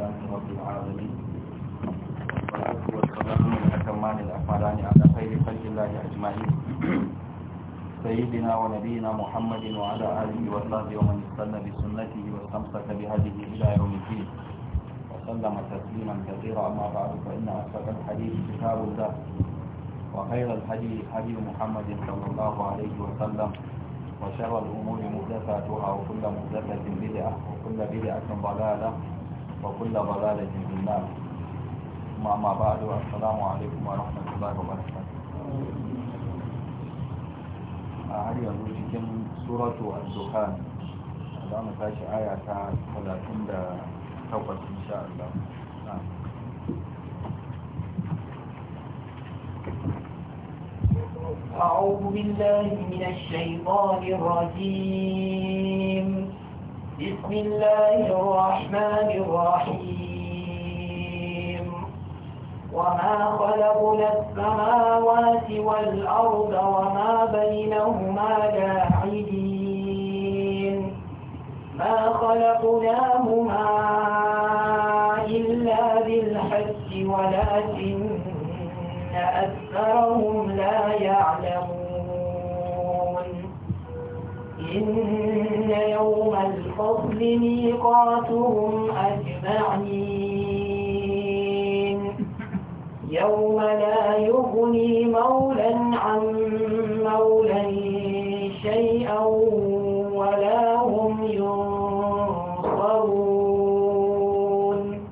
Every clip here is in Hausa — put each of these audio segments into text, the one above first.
لله رب العالمين والصلاة والسلام على سيدنا ونبينا محمد وعلى آله وصحبه ومن استنى بسنته واستمسك بهذه إلى يوم الدين وسلم تسليما كثيرا أما بعد فإن أصدق الحديث كتاب الله وخير الحديث هدي محمد صلى الله عليه وسلم وشر الأمور مهدفاتها وكل مهدفة بدعة وكل بدعة ضلالة وكل ضلالة في النار ما ما بعد السلام عليكم ورحمة الله وبركاته هل يقول كم سورة الدخان za mu tashi aya ta 38 insha Allah أعوذ بالله من الشيطان الرجيم بسم الله الرحمن الرحيم وما خلقنا السماوات والأرض وما بينهما لاعبين ما خلقناهما إلا بالحق ولكن أكثرهم لا يعلمون إن يوم الفضل ميقاتهم أجمعين يوم لا يغني مولا عن مولا شيئا ولا هم ينصرون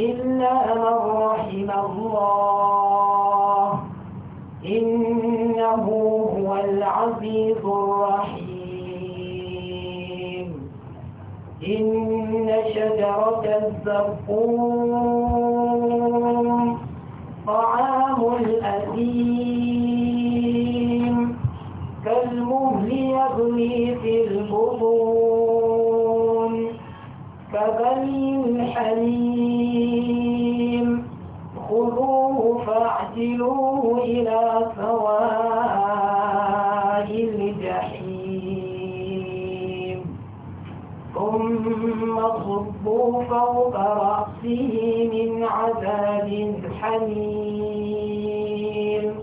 إلا من رحم الله إنه هو العزيز الرحيم يتقون صبوا فوق رأسه من عذاب حميم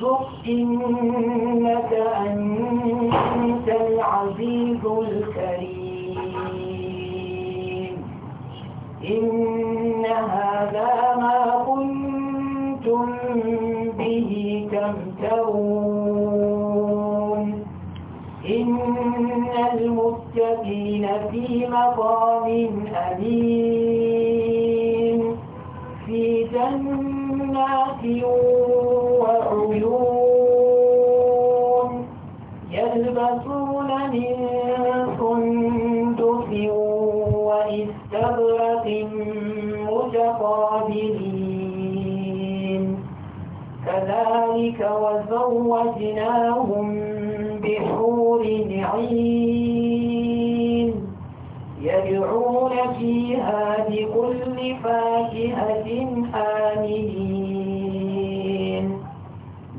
ذق إنك أنت العزيز الكريم إن في مقام أليم في جنات وعيون يلبسون من صندف وإستغرق متقابلين كذلك وزوجناهم فيها بكل فاكهة آمنين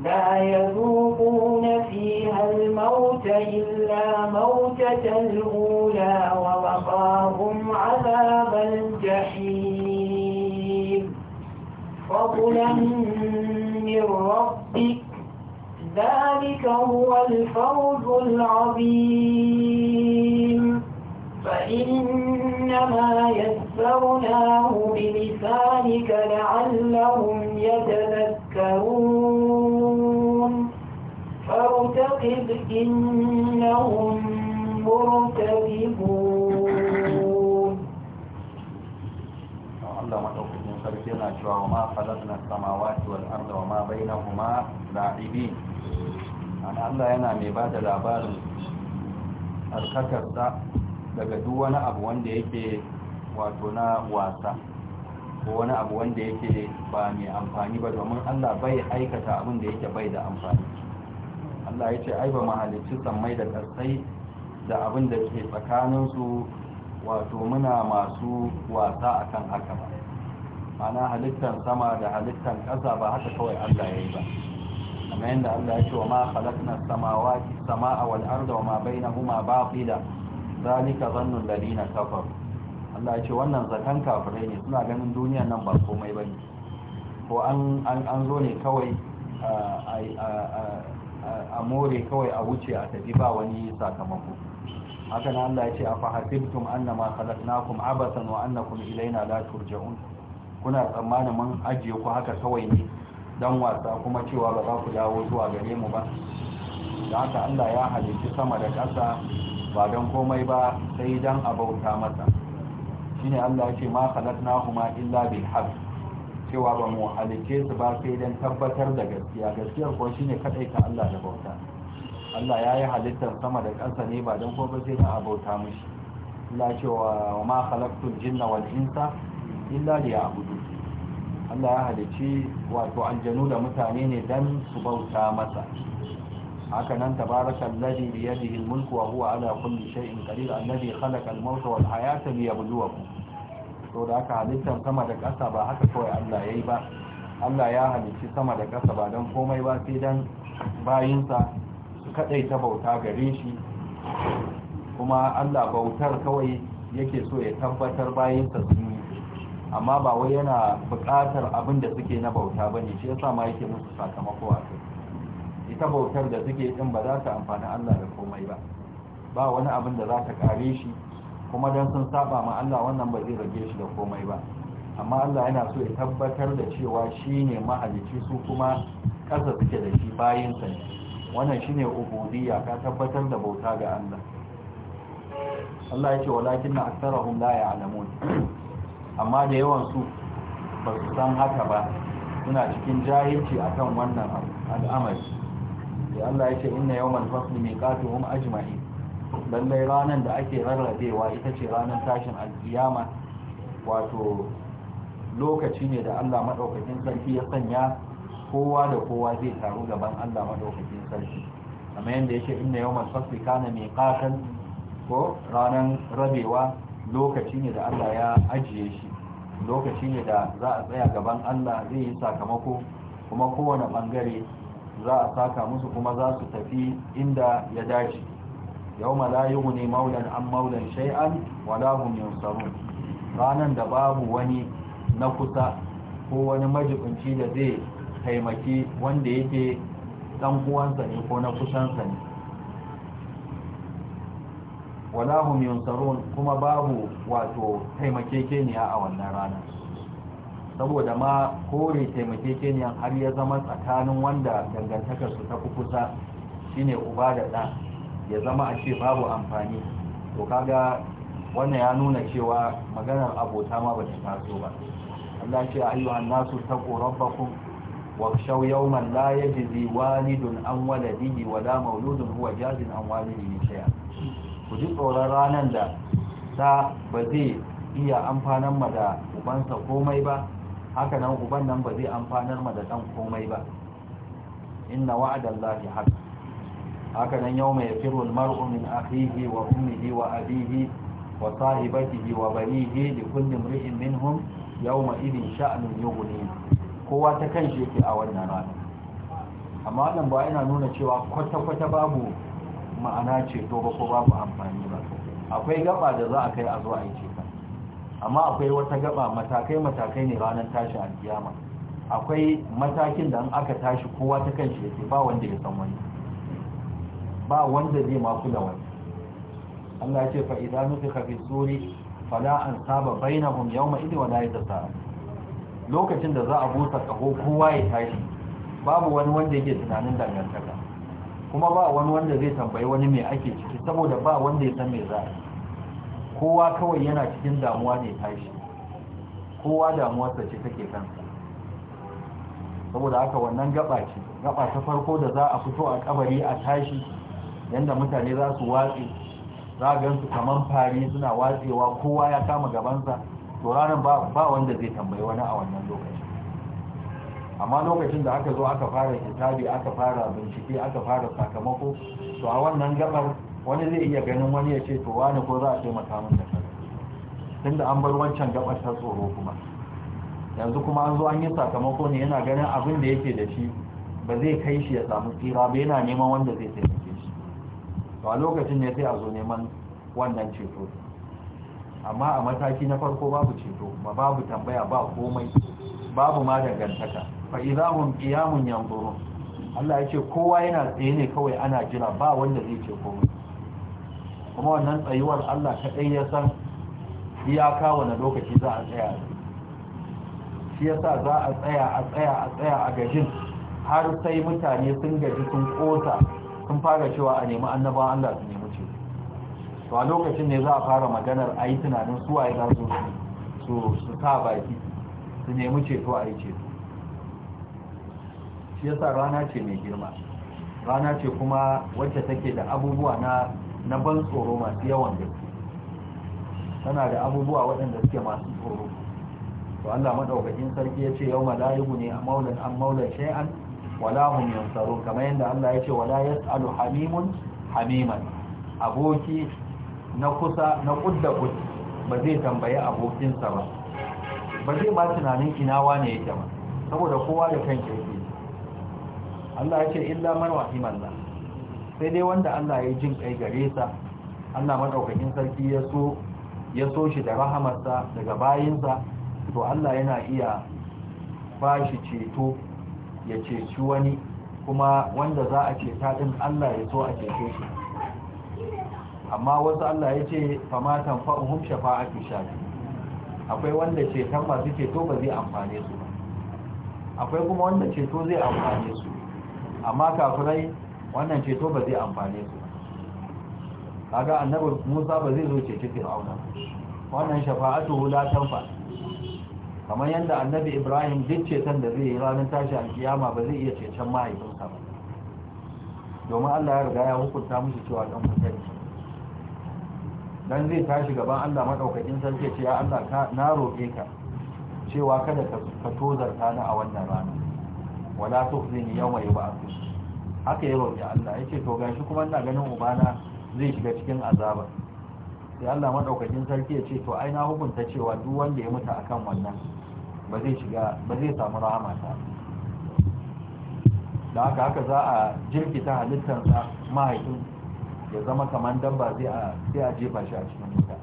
لا يذوقون فيها الموت إلا موتة الأولى ووقاهم عذاب الجحيم فضلا من ربك ذلك هو الفوز العظيم فإنما يسرناه بلسانك لعلهم يتذكرون فارتقب إنهم مرتبون الله متوفيق ما خلقنا السماوات والأرض وما بينهما لاعبين أنا الله أنا مبادل أبار الكتر daga duk wani abu wanda yake wato na wasa ko wani abu wanda yake ba mai amfani ba domin Allah bai aikata abin da yake bai da amfani Allah ya ce ai ba mahalicci sammai da ƙasai da abin da ke tsakaninsu wato muna masu wasa akan haka ba ana halittar sama da halittar ƙasa ba haka kawai Allah ya yi ba kamar yadda Allah ya ce wa ma khalaqna samawati samaa wal arda wa ma bainahuma da. zalika zannun ladina kafar Allah ya ce wannan zakan kafirai ne suna ganin duniya nan ba komai bane ko an zo ne kawai a more kawai a wuce a tafi ba wani sakamako haka nan Allah ya ce afa hasibtum annama khalaqnakum abasan wa annakum ilaina la turja'un kuna tsammanin mun ajiye ku haka kawai ne dan wasa kuma cewa ba za ku dawo zuwa gare mu ba da haka Allah ya halicci sama da ƙasa ba don komai ba sai don abauta masa ne Allah ya ce ma na kuma illa bil haqq cewa ba mu halice su ba sai don tabbatar da gaskiya gaskiyar kuwa ne kaɗai ka Allah da bauta Allah ya yi halittar sama da ƙasa ne ba don komai sai don abauta mashi. Allah ce wa ma khalaqtul jinna wal insa illa liya'budu Allah ya halici wato aljanu da mutane ne don su bauta masa haka nan tabaraka alladhi bi yadihi almulku wa huwa ala kulli shay'in qadir alladhi khalaqa almauta wal hayata liyabluwakum to da haka halittar sama da ƙasa ba haka kawai Allah yayi ba Allah ya halicci sama da ƙasa ba don komai ba sai dan bayinsa su kadai ta bauta gare shi kuma Allah bautar kawai yake so ya tabbatar bayinsa su amma ba wai yana buƙatar abin da suke na bauta bane shi yasa ma yake musu sakamako a kai ita bautar da suke din ba za ta amfani Allah da komai ba ba wani abin da za ta kare shi kuma don sun saba ma Allah wannan ba zai rage shi da komai ba amma Allah yana so ya tabbatar da cewa shi ne mahalicci su kuma kasa suke da shi bayinsa ne wannan shi ne ubudiyya ka tabbatar da bauta ga Allah Allah ya ce walakin na aksarahum la ya'lamun amma da yawan su ba su san haka ba suna cikin jahilci akan wannan al'amari sai Allah ya ce inna yawmal fasli miqatuhum ajma'in lallai ranan da ake rarrabewa ita ce ranar tashin alkiyama wato lokaci ne da Allah maɗaukakin sarki ya sanya kowa da kowa zai taru gaban Allah maɗaukakin sarki amma yadda yake inna yau masfasfi kana mai ko ranar rabewa lokaci ne da Allah ya ajiye shi lokaci ne da za a tsaya gaban Allah zai yi sakamako kuma kowane ɓangare za a saka musu kuma za su tafi inda ya dace ma la wuni maulan an maulan shay'an wala hum ranar ranan da babu wani na kusa ko wani majibinci da zai taimaki wanda yake dan uwansa ne ko na kusansa ne wala hum kuma babu wato taimakekeniya a wannan ranar saboda ma kore taimakekeniyar har ya zama tsakanin wanda dangantakarsu ta kusa shine uba da ɗa ya zama a ce babu amfani to kaga wannan ya nuna cewa maganar abota ma ba ta taso ba Allah ce ayyuhan nasu taqu rabbakum la يوما walidun an waladihi wa la ولا huwa jazin an walidihi shay'a ku ji tsoron ranar da ta ba zai iya amfanan ma da ubansa komai ba haka nan uban nan ba zai amfanar ma da ɗan komai ba inna wa'adan lafi haka haka nan yau mai firul mar'umin min wa ummihi wa abihi wa sahibatihi wa banihi da kullum imri'in minhum yawma idin sha'nun yughni kowa ta kan yake a wannan rana amma wannan ba yana nuna cewa kwata kwata babu ma'ana ce to ba ko babu amfani ba akwai gaba da za a kai a zo a amma akwai wata gaba matakai matakai ne ranar tashi alkiyama akwai matakin da an aka tashi kowa ta kan shi yake ba wanda ya san wani ba wanda zai ma kula wani Allah ce fa idan nufiqa fi tsori fala an saba bainahum yawma idin wala yatasara lokacin da za a busa kaho kowa ya tashi babu wani wanda yake tunanin dangantaka kuma ba wani wanda zai tambayi wani mai ake ciki saboda ba wanda ya san me za a yi kowa kawai yana cikin damuwa ne tashi kowa damuwarsa ce take kansa saboda haka wannan gaba ce gaba ta farko da za a fito a kabari a tashi yanda mutane za su watse za su kaman fari suna watsewa kowa ya kama gabansa to ranar ba wanda zai tambayi wani a wannan lokaci amma lokacin da aka zo aka fara hisabi aka fara bincike aka fara sakamako to a wannan gabar wani zai iya ganin wani ya ce to wani ko za a taimaka min da tun tunda an bar wancan gabar ta tsoro kuma yanzu kuma an zo an yi sakamako ne yana ganin abin da yake da shi ba zai kai shi ya samu tsira ba yana neman wanda zai taimake shi to a lokacin ne sai a zo neman wannan ceto amma a mataki na farko babu ceto ba babu tambaya ba komai babu ma dangantaka fa hum qiyamun yanzurun Allah ya ce kowa yana tsaye ne kawai ana jira ba wanda zai ce komai kuma wannan tsayuwar Allah kaɗai ya san iyaka wani lokaci za a tsaya shi yasa za a tsaya a tsaya a tsaya a gajin har sai mutane sun gaji sun ƙosa sun fara cewa a nemi annaba Allah su nemi ce to a lokacin ne za a fara maganar a yi tunanin waye za su su sa baki su nemi ceto a yi ceto shi yasa rana ce mai girma rana ce kuma wacce take da abubuwa na na ban tsoro masu yawan gaske tana da abubuwa waɗanda suke masu tsoro to Allah madaukakin sarki ya ce yace yawma ne a maulan an maulan shay'an wala hum yansarun kamar yadda Allah ya ce wala yasalu hamimun hamiman aboki na kusa na kudda kud ba zai tambaye abokinsa ba ba zai ba tunanin ina wane yake ba saboda kowa da kan yake Allah ya ce illa man rahimallah sai dai wanda Allah ya jin kai gare sa Allah madaukakin sarki ya so ya so shi da rahamarsa daga bayinsa to Allah yana iya ba shi ceto ya ceci wani kuma wanda za a ceta din Allah ya so a ceto shi amma wasu Allah ya ce famatan fa'uhum shafa'atu shafi akwai wanda ceton masu ceto ba zai amfane su ba akwai kuma wanda ceto zai amfane su amma kafirai wannan ceto ba zai amfane su kaga annabi Musa ba zai zo ceci Fir'auna wannan shafa'atu la tanfa kamar yanda annabi Ibrahim duk ceton da zai yi ranar tashi kiyama, ba zai iya can mahaifinsa ba domin Allah ya riga ya hukunta musu cewa dan mutane. dan zai tashi gaban Allah madaukakin sarki ce ya Allah na roƙe ka cewa kada ka tozarta ni a wannan rana wala tukhzini yawma yub'athun haka ya roƙi Allah ya ce to gashi kuma ina ganin ubana zai shiga cikin azaba sai Allah madaukakin sarki ya ce to ai na hukunta cewa duk wanda ya mutu akan wannan ba zai shiga ba zai samu rahama ta da haka haka za a jirkita halittar sa mahaifin ya zama kamar dabba zai a sai a jefa shi a cikin wuta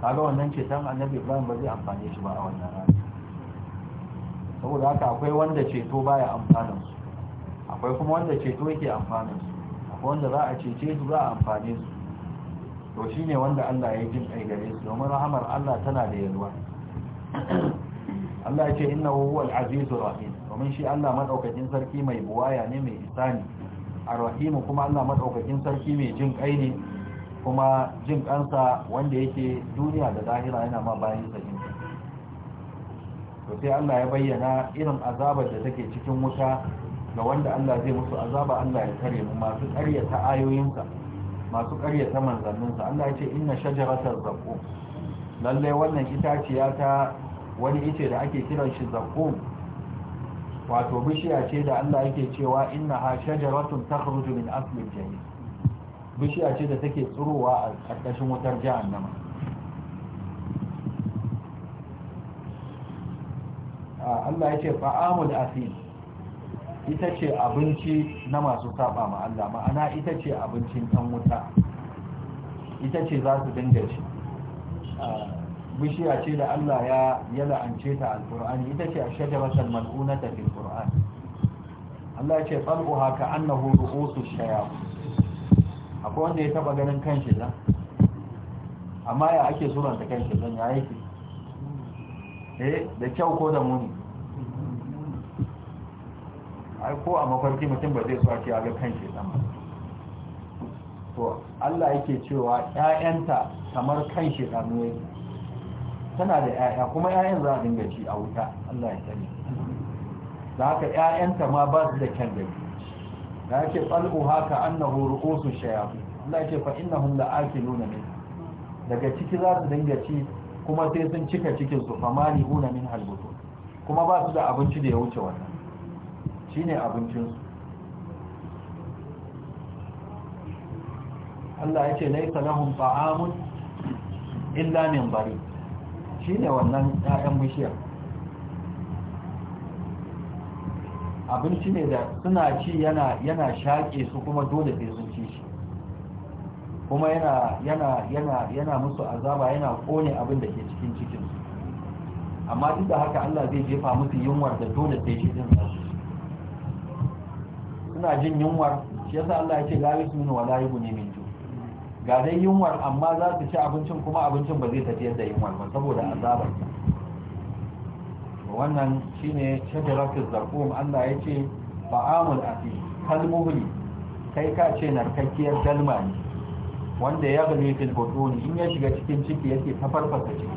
kaga wannan ce tan annabi Ibrahim ba zai amfane shi ba a wannan rana saboda haka akwai wanda ceto baya amfanin su akwai kuma wanda ceto yake amfanin su akwai wanda za a cece su za a amfane su to shi ne wanda Allah ya jin kai gare su domin rahamar Allah tana da yalwa Allah ya ce inna al azizur rahim domin shi Allah madaukakin sarki mai buwaya ne mai isani ar-rahim kuma Allah madaukakin sarki mai jin kai ne kuma jin kansa wanda yake duniya da zahira yana ma bayan sa jin to sai Allah ya bayyana irin azabar da take cikin wuta ga wanda Allah zai musu azaba Allah ya kare mu masu ƙaryata ayoyinsa masu ƙaryata manzanninsa Allah ya ce inna shajaratal zaqqum lalle wannan itaciya ta wani ice da ake kiran shi zaqqum wato bishiya ce da Allah yake cewa inna ha shajaratun takhruju min asli jahannam bishiya ce da take tsurowa a ƙarƙashin wutar jahannama ah, Allah ya ce fa'amul asim ita ce abinci na masu saba ma Allah ma'ana ita ce abincin ɗan wuta ita ce za su dinga ci bishiya ce da Allah ya ya la'ance ta alƙur'ani ita ce ash-shajaratul mal'una ta qur'an Allah tsarko haka an na hudu osu shaya akwai wanda ya taba ganin kan shi zan amma ya ake suranta kan shi zan ya yake eh da kyau ko da muni ai ko a mafarki mutum ba zai tsaki a ga kan dan ba to Allah yake cewa ƴaƴanta kamar kan dan ne tana da ƴaƴa kuma ƴaƴan za a dinga ci a wuta Allah ya sani da haka ƴaƴanta ma ba su da kyan gani da yake tsalbu haka annahu ru'usu shayabi Allah yake fa innahum la'akiluna min daga ciki za su dinga ci kuma sai sun cika cikin su famali huna min halbutu kuma ba su da abinci da ya wuce wannan shine abincinsu Allah ya ce laisa lahum illa min bari shine wannan ƴaƴan bishiyar abinci ne da suna ci yana yana shaƙe su kuma dole sai sun ci shi kuma yana yana yana yana musu azaba yana kone abin da ke cikin cikin amma duk da haka Allah zai jefa musu yunwar da dole sai shi su suna jin yunwar shi yasa Allah ya ce la yusminu wa la yughni min ju ga dai yunwar amma za su ci abincin kuma abincin ba zai tafi da yunwar ba saboda azaba wannan shine shajaratul zaqum Allah ya ce fa'amul asi kalmuhli kai ka ce narkakkiyar dalma ne wanda ya gani fil butun in ya shiga cikin ciki yake tafarfasa ciki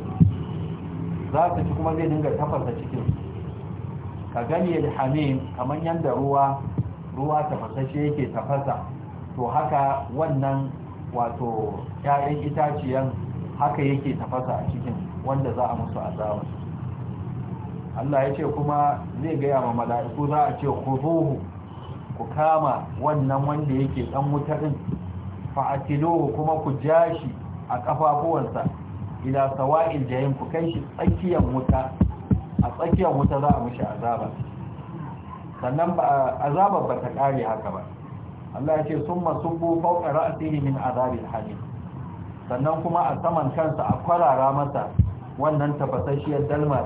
za su ci kuma zai dinga tafarfasa cikin ka gani al hamim kamar yanda ruwa ruwa tafasashe yake tafasa to haka wannan wato ‘ya'yan itaciyan haka yake tafasa a cikin wanda za a musu azaba Allah ya ce kuma zai gaya ma mala'iku za a ce ku zuhu ku kama wannan wanda yake ɗan wutarin fa'atilohu kuma ku ja shi a ƙafafuwansa ila sawa'il jahim ku kai shi tsakiyar wuta a tsakiyar wuta za a mushi azaba sannan ba azabar ba ta kare haka ba Allah ya ce sun masubbu fawqa ra'sihi min azabil hadid sannan kuma a saman kansa a kwarara masa wannan tafasashiyar dalma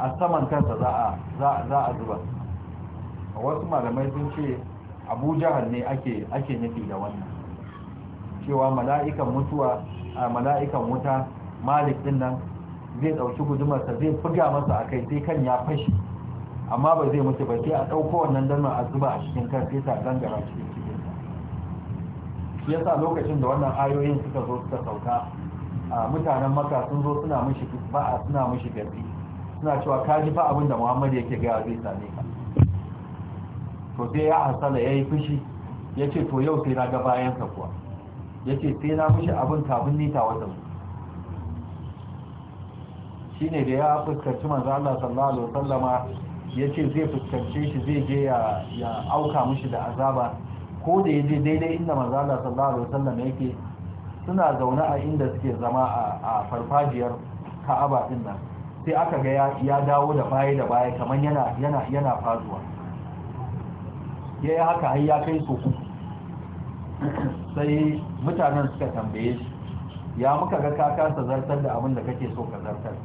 a saman kansa za a za a zuba wasu malamai sun ce Abu Jahal ne ake ake nufi da wannan cewa mala'ikan mutuwa a mala'ikan wuta Malik din nan zai dauki gudumarsa zai buga masa a kai sai kan ya fashi amma ba zai mutu ba sai a ɗauko wannan dalma a zuba a cikin kan sai ta gangara cikin cikin shi yasa lokacin da wannan ayoyin suka zo suka sauka a mutanen maka sun zo suna mishi a suna mishi gabi suna cewa ka ji fa abin da muhammad yake gaya zai same ka to sai ya hasala ya yi fushi ya ce to yau sai na ga bayan ka kuwa ya ce sai na mishi abin kafin nita wata su shi ne da ya fuskanci manzo Allah sallallahu alaihi wasallama ya ce zai fuskance shi zai je ya auka mashi da azaba ko da ya je daidai inda mazala sallallahu alaihi wasallam yake suna zaune a inda suke zama a farfajiyar ka'aba din nan sai aka ga ya dawo da baya da baya kamar yana yana yana fazuwa ya yi haka har ya kai su ku. sai mutanen suka tambaye shi ya muka ga ka kasa zartar da abin da kake so ka zartar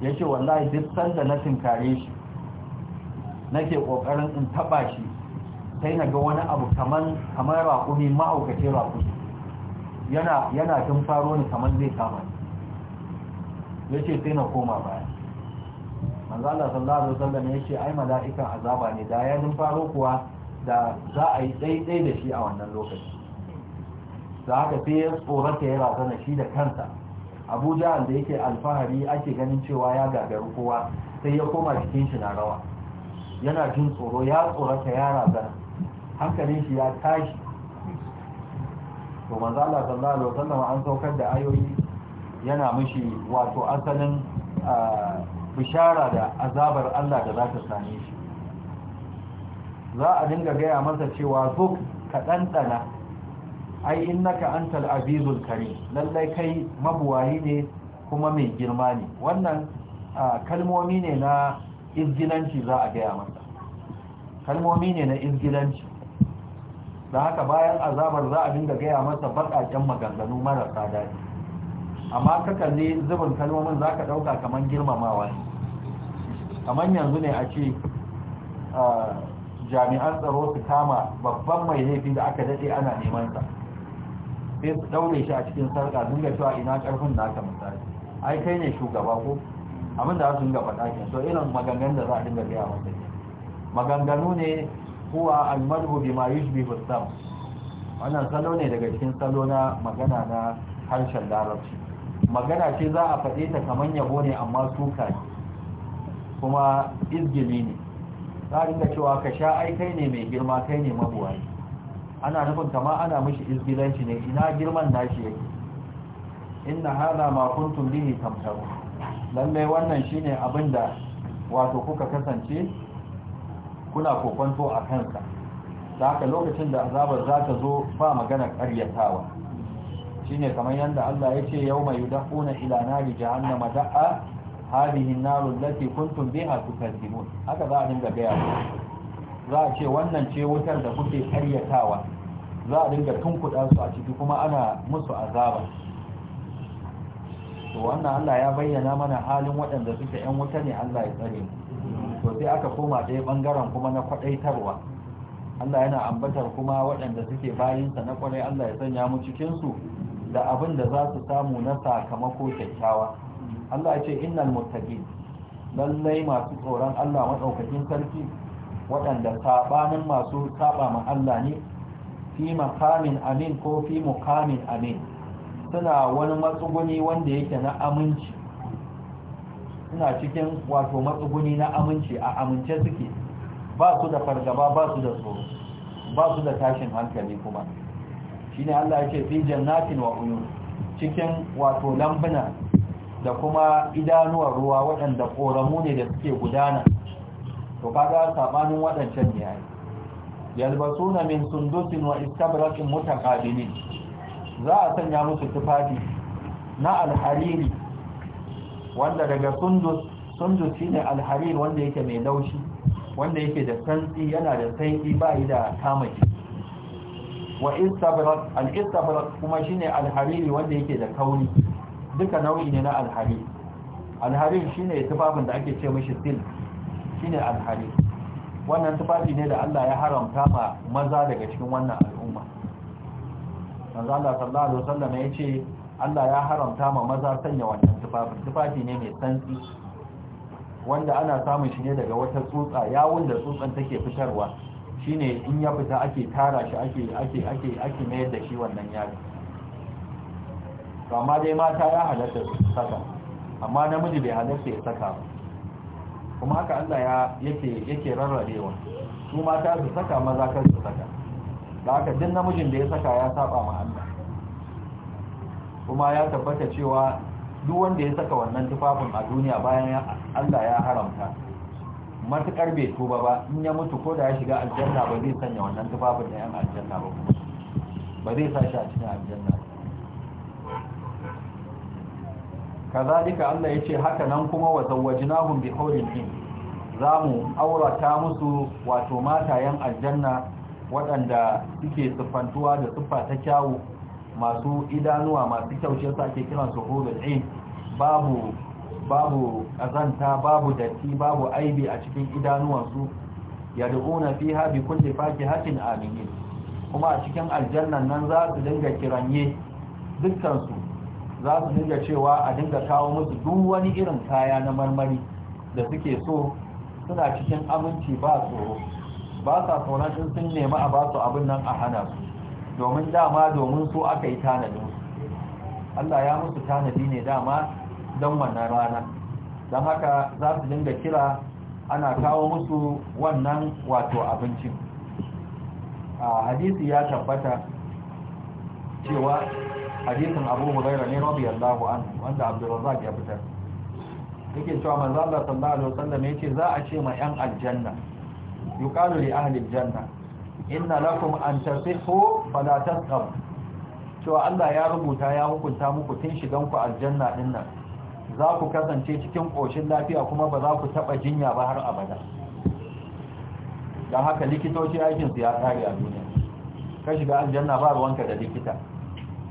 ya ce wallahi duk sanda na tinkare shi nake kokarin in taba shi sai na ga wani abu kaman kamar raƙumi ma'aukace raƙumi yana yana tun faro ni kaman zai kama ni yace sai na koma baya manzo Allah sallallahu alaihi wasallam yace ai mala'ikan azaba ne da ya tun faro kuwa da za a yi daidai da shi a wannan lokaci da haka sai ya tsorata ya razana shi da kansa abuja da yake alfahari ake ganin cewa ya gagaru kowa sai ya koma cikin shi na rawa yana jin tsoro ya tsorata ya razana hankalin shi ya tashi to maza Allah sallallahu alaihi wasallam an saukar da ayoyi yana mishi wato asalin bishara da azabar Allah da za ta same shi za a dinga gaya masa cewa zuk ka ɗanɗana ai innaka antal azizul kare. lallai kai mabuwayi ne kuma mai girma ne wannan kalmomi ne na izgilanci za a gaya masa kalmomi ne na izgilanci da haka bayan azabar za a dinga gaya masa baƙaƙen maganganu marasa daɗi amma ka kalli zubin kalmomin za ka ɗauka kamar girmamawa ne kamar yanzu ne a ce jami'an tsaro su kama babban mai laifi da aka daɗe ana neman sa sai su ɗaure shi a cikin sarƙa dinga cewa ina ƙarfin naka misali ai kai ne shugaba ko abin da za su dinga faɗa so irin maganganun da za a dinga biya masa ke maganganu ne huwa almadhu bima yushbihu sam wannan salo ne daga cikin salo na magana na harshen larabci magana ce za a faɗe ta kamar yabo ne amma suka ne kuma izgili ne za a dinga cewa ka sha ai kai ne mai girma kai ne ne. ana nufin kama ana mishi izgilanci ne ina girman nashi yake inna hada ma kuntum bihi tamtaru lallai wannan shine abin da wato kuka kasance kuna kokonto a kansa da haka lokacin da azabar za ta zo ba magana karyatawa shine kamar yadda Allah ya ce yau mai yudafuna ila nari jahannama da'a hadihi narun lati kuntum biha tukazzimun haka za a dinga gaya za a ce wannan ce wutar da kuke karyatawa za a dinga tunkuɗa su a ciki kuma ana musu azaba to wannan Allah ya bayyana mana halin waɗanda suke ‘yan wuta ne Allah ya tsare mu. to sai aka koma ɗaya bangaren kuma na kwaɗaitarwa Allah yana ambatar kuma waɗanda suke bayinsa na kwarai Allah ya sanya mu cikin su da abin da za su samu na sakamako kyakkyawa Allah ya ce innal muttaqin lallai masu tsoron Allah maɗaukakin sarki waɗanda sabanin masu saba ma Allah ne fi makamin amin ko fi muqamin amin suna wani matsuguni wanda yake na aminci suna cikin wato matsuguni na aminci a amince suke ba su da fargaba ba su da tsoro ba su da tashin hankali kuma shi ne Allah ya ce fi jannatin wa uyun cikin wato lambuna da kuma idanuwar ruwa waɗanda ƙoramu ne da suke gudana to kaga sabanin waɗancan ne yayi na min sundusin wa istabrakin mutaqabilin za a sanya musu tufafi na alhariri wanda daga sundus sundus shine alhariri wanda yake mai laushi wanda yake da santsi yana da santsi ba yi da kamaki wa istabrak al-istabrak kuma shine alhariri wanda yake da kauri duka nau'i ne na alhariri alharir shine tufafin da ake ce mishi silk shine alhariri wannan tufafi ne da Allah ya haramta ma maza daga cikin wannan al'umma manzo Allah sallallahu alaihi wasallam ya ce Allah ya haramta ma maza sanya wannan tufafi tufafi ne mai santsi wanda ana samun shi ne daga wata tsutsa yawun da tsutsan take fitarwa shine in ya fita ake tara shi ake ake ake ake mayar da shi wannan yaro amma dai mata ya halatta saka amma namiji bai halatta ya saka kuma haka Allah ya yake yake rarrabewa su mata su saka maza kan su saka da aka duk namijin da ya saka ya saba ma Allah kuma ya tabbata cewa duk wanda ya saka wannan tufafin a duniya bayan Allah ya haramta matukar bai tuba ba in ya mutu ko da ya shiga aljanna ba zai sanya wannan tufafin da yan aljanna ba ba zai sa shi a cikin aljanna kazalika Allah yace haka nan kuma wa zawwajnahum bi hawlin za mu aurata musu wato matayen aljanna waɗanda suke siffantuwa da siffa ta kyawu masu idanuwa masu kyau shi yasa ake kiran su hurul ain babu babu azanta babu datti babu aibi a cikin idanuwansu yad'una fiha bi kulli fakihatin aminin kuma a cikin aljanna nan za su dinga kiranye dukkan su za su dinga cewa a dinga kawo musu duk wani irin kaya na marmari da suke so suna cikin aminci ba tsoro ba sa tsoron in sun nemi a ba su abin nan a hana su domin dama domin su aka yi tanadin su Allah ya musu tanadi ne dama don wannan rana don haka za su dinga kira ana kawo musu wannan wato abincin a hadisi ya tabbata cewa hadisin abu hulaira ne rabi allahu an wanda abdulrazak ya fitar yake cewa manzo Allah sallallahu alaihi wasallam za a ce ma yan aljanna yuqalu li ahli aljanna inna lakum an tasihhu fala tasqam cewa Allah ya rubuta ya hukunta muku tun shigan ku aljanna din nan za ku kasance cikin koshin lafiya kuma ba za ku taba jinya ba har abada dan haka likitoci aikin su ya tsari a duniya ka shiga aljanna ba ruwanka da likita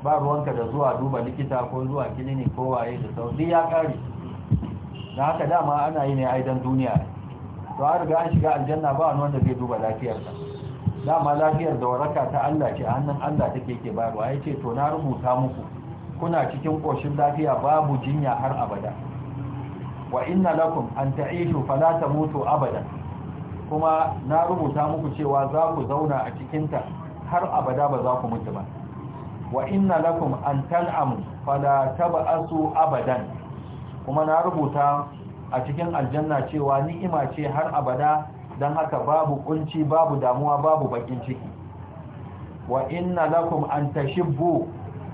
ba ruwanka da zuwa duba likita ko zuwa clinic ko waye da sauri ya kare dan haka dama ana yi ne aidan duniya to har ga an shiga aljanna ba wani wanda zai duba lafiyarsa dama lafiyar da waraka ta Allah ce a hannun Allah take ke ba ruwa ce to na rubuta muku kuna cikin koshin lafiya babu jinya har abada wa inna lakum an ta'ishu fala tamutu abada kuma na rubuta muku cewa za ku zauna a cikinta har abada ba za ku mutu ba wa inna lakum an tan'amu fala tab'asu abadan kuma na rubuta a cikin aljanna cewa ni'ima ce har abada don haka babu kunci babu damuwa babu bakin ciki wa inna lakum an tashibbu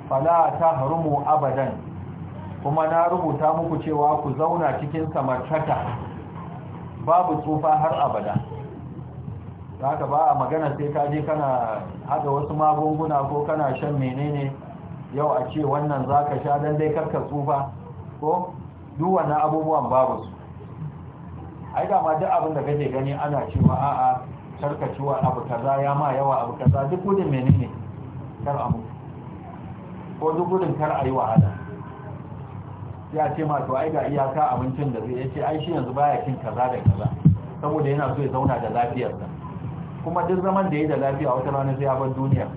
fala tahrumu abadan kuma na rubuta muku cewa ku zauna cikin samartaka babu tsufa har abada haka ba a magana sai ka je kana haɗa wasu magunguna ko kana shan menene yau a ce wannan zaka sha dan dai karka tsufa ko duk wannan abubuwan babu su ai da ma duk abin da kake gani ana cewa a'a tarkacewa abu kaza ya ma yawa abu kaza duk gudun menene kar a mutu ko duk gudun kar a yi wahala sai ce ma to ai ga iyaka abincin da zai yace ai shi yanzu baya cin kaza da kaza saboda yana so ya zauna da lafiyarsa kuma duk zaman da ya da lafiya wata rana sai ya bar duniya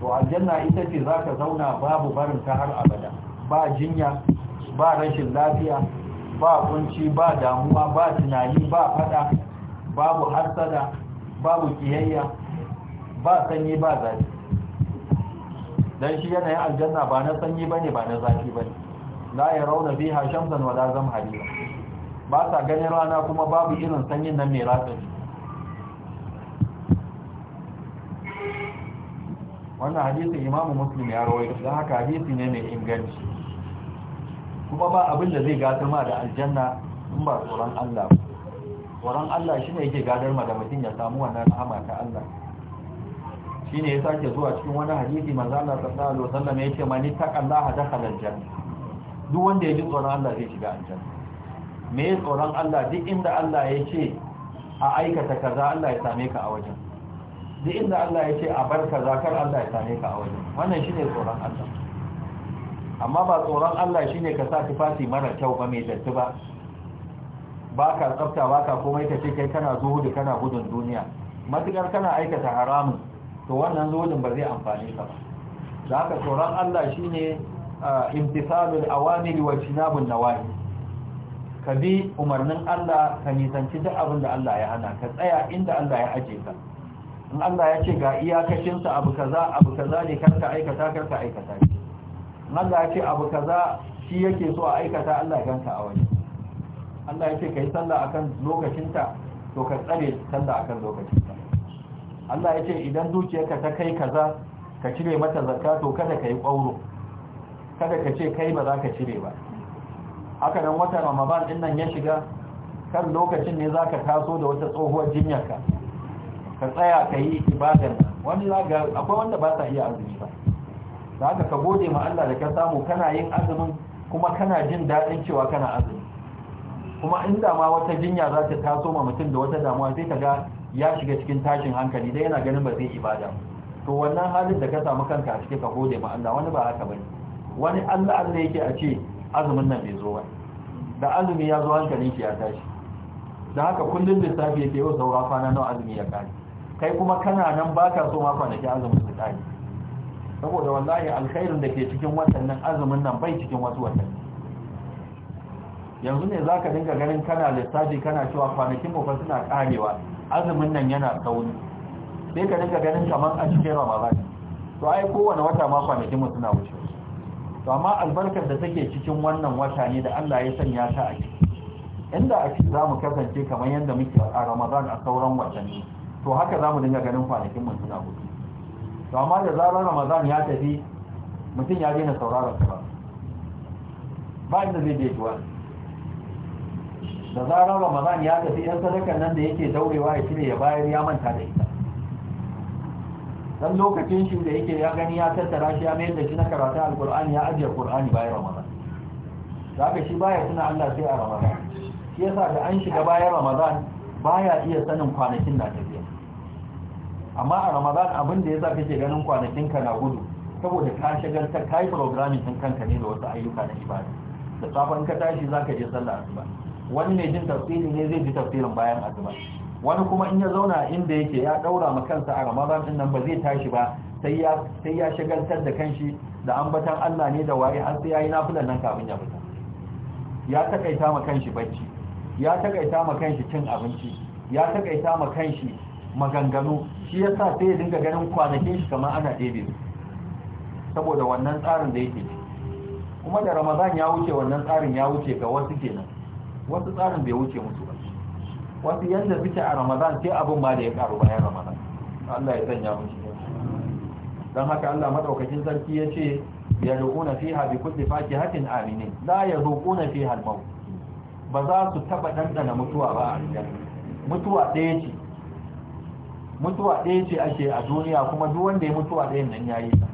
to aljanna ita ce zaka zauna babu barin ta har abada ba jinya ba rashin lafiya ba kunci ba damuwa ba tunani ba fada babu hasada babu kiyayya ba sanyi ba zafi dan shi yanayin aljanna ba na sanyi bane ba na zafi bane la rauna biha shamsan wala hadira. ba sa ganin rana kuma babu irin sanyin nan mai ratsa wannan hadisin imamu muslim ya rawaito don haka hadisi ne mai inganci kuma ba abin da zai gadar ma da aljanna in ba tsoron Allah tsoron Allah shi ne yake gadar ma da mutum ya samu wannan rahama ta Allah shi ne ya sake zuwa cikin wani hadisi manzo Allah sallallahu alaihi wasallam ya ce mani taqallaha dakhala aljanna duk wanda ya ji tsoron Allah zai shiga aljanna me ya tsoron Allah duk inda Allah ya ce a aikata kaza Allah ya same ka a wajen duk inda Allah ya ce a bar kaza kar Allah ya same ka a wajen wannan shine tsoron Allah amma ba tsoron Allah shine ka sa tufafi mara kyau ba mai datti ba ba ka tsafta ba ka komai ka ce kai kana zuhudu kana gudun duniya matukar kana aikata haramun to wannan zonin ba zai amfani ka ba da haka tsoron Allah shine imtisalul awamir wa jinabun nawahi ka bi umarnin Allah ka nisanci duk abin da Allah ya hana ka tsaya inda Allah ya aje ka in Allah ya ce ga iyakacinsa abu kaza abu kaza ne karka aikata karka aikata ne Allah ya ce abu kaza shi yake so a aikata Allah ya ganka a waje Allah ya ce kai sallah akan lokacinta to ka tsare sallah akan lokacinta Allah ya ce idan dukiyarka ta kai kaza ka cire mata zakka to kada ka yi kwauro kada ka ce kai ba za ka cire ba haka nan wata ramadan din nan ya shiga kan lokacin ne zaka ka taso da wata tsohuwar jinyarka ka tsaya ka yi ibadar wani akwai wanda ba sa iya azumi ba da haka ka gode ma Allah da ka samu kana yin azumin kuma kana jin daɗin cewa kana azumi kuma inda ma wata jinya za ta taso ma mutum da wata damuwa sai ka ga ya shiga cikin tashin hankali dai yana ganin ba zai ibada to wannan halin da ka samu kanka a cikin ka gode ma Allah wani ba haka bane wani Allah Allah yake a ce azumin nan bai zo ba da azumi ya zo hankalin ki ya tashi da haka kullun lissafi yake yau saura kwana nawa azumi ya kare kai kuma kana nan baka so ma kwana ki azumin su kare saboda wallahi alkhairin da ke cikin watannin azumin nan bai cikin wasu watanni yanzu ne za ka dinga ganin kana lissafi kana cewa kwanakin mafa suna karewa azumin nan yana tsauni sai ka dinga ganin kamar a cikin ramadan to ai kowane wata ma kwanakin mu suna wuce to amma albarkar da take cikin wannan wata ne da Allah ya sanya ta a ciki inda a ciki zamu kasance kamar yadda muke a ramadan a sauran watanni to haka zamu dinga ganin kwanakin mu suna wuce to amma da zarar ramadan ya tafi mutum ya daina sauraron su ba ba inda zai je tuwa da zarar ramadan ya tafi yan sadakan nan da yake daurewa ya shirya ya bayar ya manta da ita dan lokacin shi da yake ya gani ya tattara shi ya mayar da shi na karatu alkur'ani ya ajiye qur'ani bayan ramadan zaka shi baya tuna Allah sai a ramadan shi yasa da an shiga bayan ramadan baya iya sanin kwanakin da tafi amma a ramadan abin da ya sa ke ganin kwanakinka na gudu saboda ka shagaltar ka yi programin ɗin kanka ne da wasu ayyuka na ibada da safon ka tashi za ka je sallah asuba wani mai jin tafsiri ne zai ji tafsirin bayan asuba wani kuma in ya zauna inda yake ya ɗaura ma kansa a ramadan ɗin nan ba zai tashi ba sai ya sai ya shagaltar da kanshi da ambatan Allah ne da waye har sai yi nafilan nan kafin ya fita ya takaita ma kanshi bacci ya takaita ma kanshi cin abinci ya takaita ma kanshi maganganu shi ya sa sai ya dinga ganin kwanakin shi kamar ana ɗebe su saboda wannan tsarin da yake kuma da ramadan ya wuce wannan tsarin ya wuce ga wasu kenan wasu tsarin bai wuce musu ba wasu yadda suke a ramadan sai abin ma da ya karu bayan ramadan Allah ya sanya musu don haka Allah madaukakin sarki ya ce ya rukuna fi bi kulli hakin aminin la ya rukuna fiha fi maut ba za su taba dandana mutuwa ba a mutuwa ɗaya ce mutuwa ɗaya ce ake a duniya kuma duk wanda ya mutuwa ɗayan nan ta,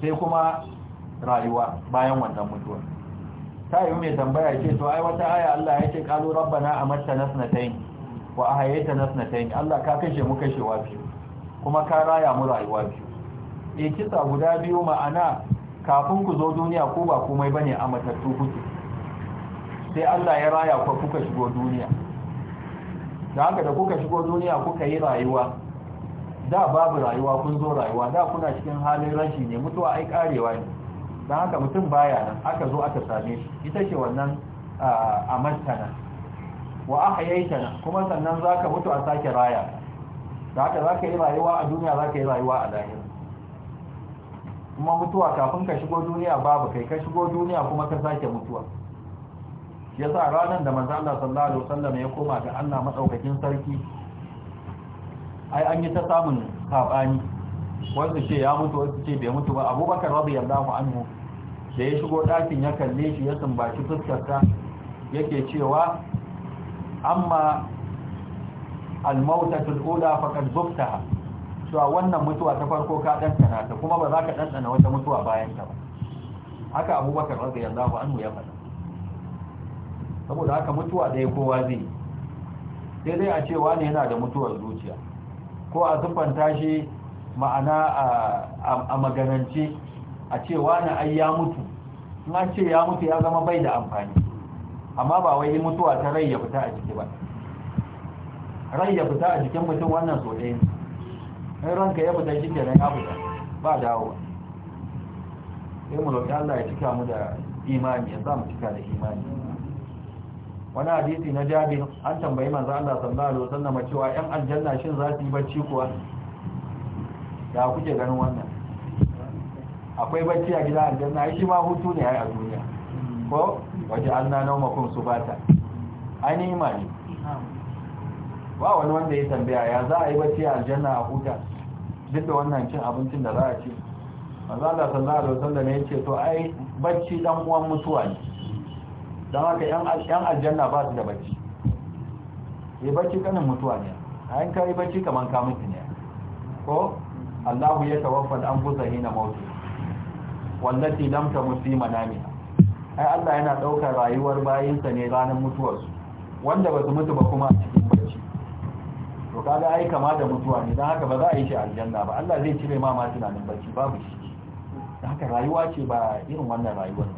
sai kuma rayuwa bayan wannan mutuwa ta yi mai tambaya ce to ai wata aya Allah ya ce kalu rabbana ta yi wa a ta yi, Allah ka kashe mu kashewa biyu kuma ka raya mu rayuwa biyu E, kisa guda biyu ma'ana kafin ku zo duniya ko ba komai ba ne a matattu kuke sai Allah ya raya ku kuka shigo duniya da haka da kuka shigo duniya kuka yi rayuwa da babu rayuwa kun zo rayuwa da kuna cikin halin rashi ne mutuwa ai karewa ne da haka mutum baya nan aka zo aka same shi ita ce wannan a martana wa aka kuma sannan za ka mutu a sake raya da haka za ka yi rayuwa a duniya za ka yi rayuwa a lahira kuma mutuwa kafin ka shigo duniya babu kai ka shigo duniya kuma ka sake mutuwa yasa ranar da manzan Allah sallallahu alaihi wasallam ya koma ga Allah madaukakin sarki ai an yi ta samun sabani wanda ce ya mutu wanda ce bai mutu ba Abubakar radiyallahu anhu da ya shigo dakin ya kalle shi ya sumbaci fuskar sa yake cewa amma al-mautatu al-ula faqad buftaha cewa wannan mutuwa ta farko ka tana ta kuma ba za ka dantana wata mutuwa bayan ta ba haka Abubakar radiyallahu anhu ya faɗa saboda haka mutuwa ɗaya kowa zai sai dai a cewa ne yana da mutuwar zuciya ko a zufanta shi ma'ana a maganance a cewa na ai ya mutu in an ce ya mutu ya zama bai da amfani amma ba wai mutuwa ta rai ya fita a jiki ba rai ya fita a jikin mutum wannan so ɗaya in ranka ya fita shi kenan ya fita ba dawo sai mu roƙi Allah ya cika mu da imani ya za mu cika da imani wani hadisi na jabir an tambayi manzo Allah sallallahu alaihi wasallam cewa ɗan aljanna shin za su yi bacci kuwa da kuke ganin wannan akwai bacci a gidan aljanna shi ma hutu ne a duniya ko waje an na nauma kun su bata ma imani ba wani wanda ya tambaya ya za a yi bacci a aljanna a huta duk da wannan cin abincin da za a ci manzo Allah sallallahu alaihi wasallam ya ce to ai bacci dan uwan mutuwa ne don haka yan aljanna ba su da bacci ya bacci kanin mutuwa ne a yin kari bacci kamar su ne ko allahu ya tawaffal an kusa hina mautu wallafi musu musulma namina ai allah yana ɗaukar rayuwar bayinsa ne ranar mutuwarsu wanda ba su mutu ba kuma a cikin bacci to kada ai kama da mutuwa ne don haka ba za a yi shi aljanna ba allah zai cire ma ma tunanin bacci babu shi haka rayuwa ce ba irin wannan rayuwar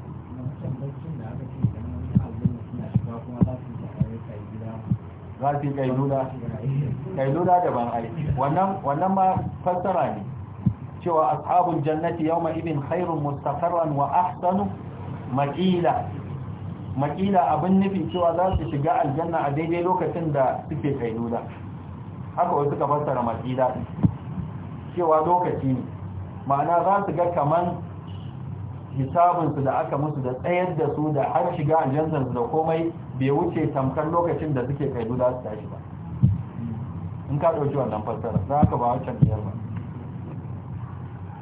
za su kailula da ban ai wannan ma fassara ne cewa ashabul jannati yawma idin khairun mustaqarran wa ahsanu maqila maqila abin nufin cewa za su shiga aljanna a daidai lokacin da suke kailula haka wasu ka fassara maqila cewa lokaci ne ma'ana za su ga kaman hisabinsu da aka musu da tsayar da su da har shiga aljannan da komai bai wuce tamkar lokacin da suke kai za su tashi ba in ka ɗauki wannan fassara za ka ba wancan biyar ba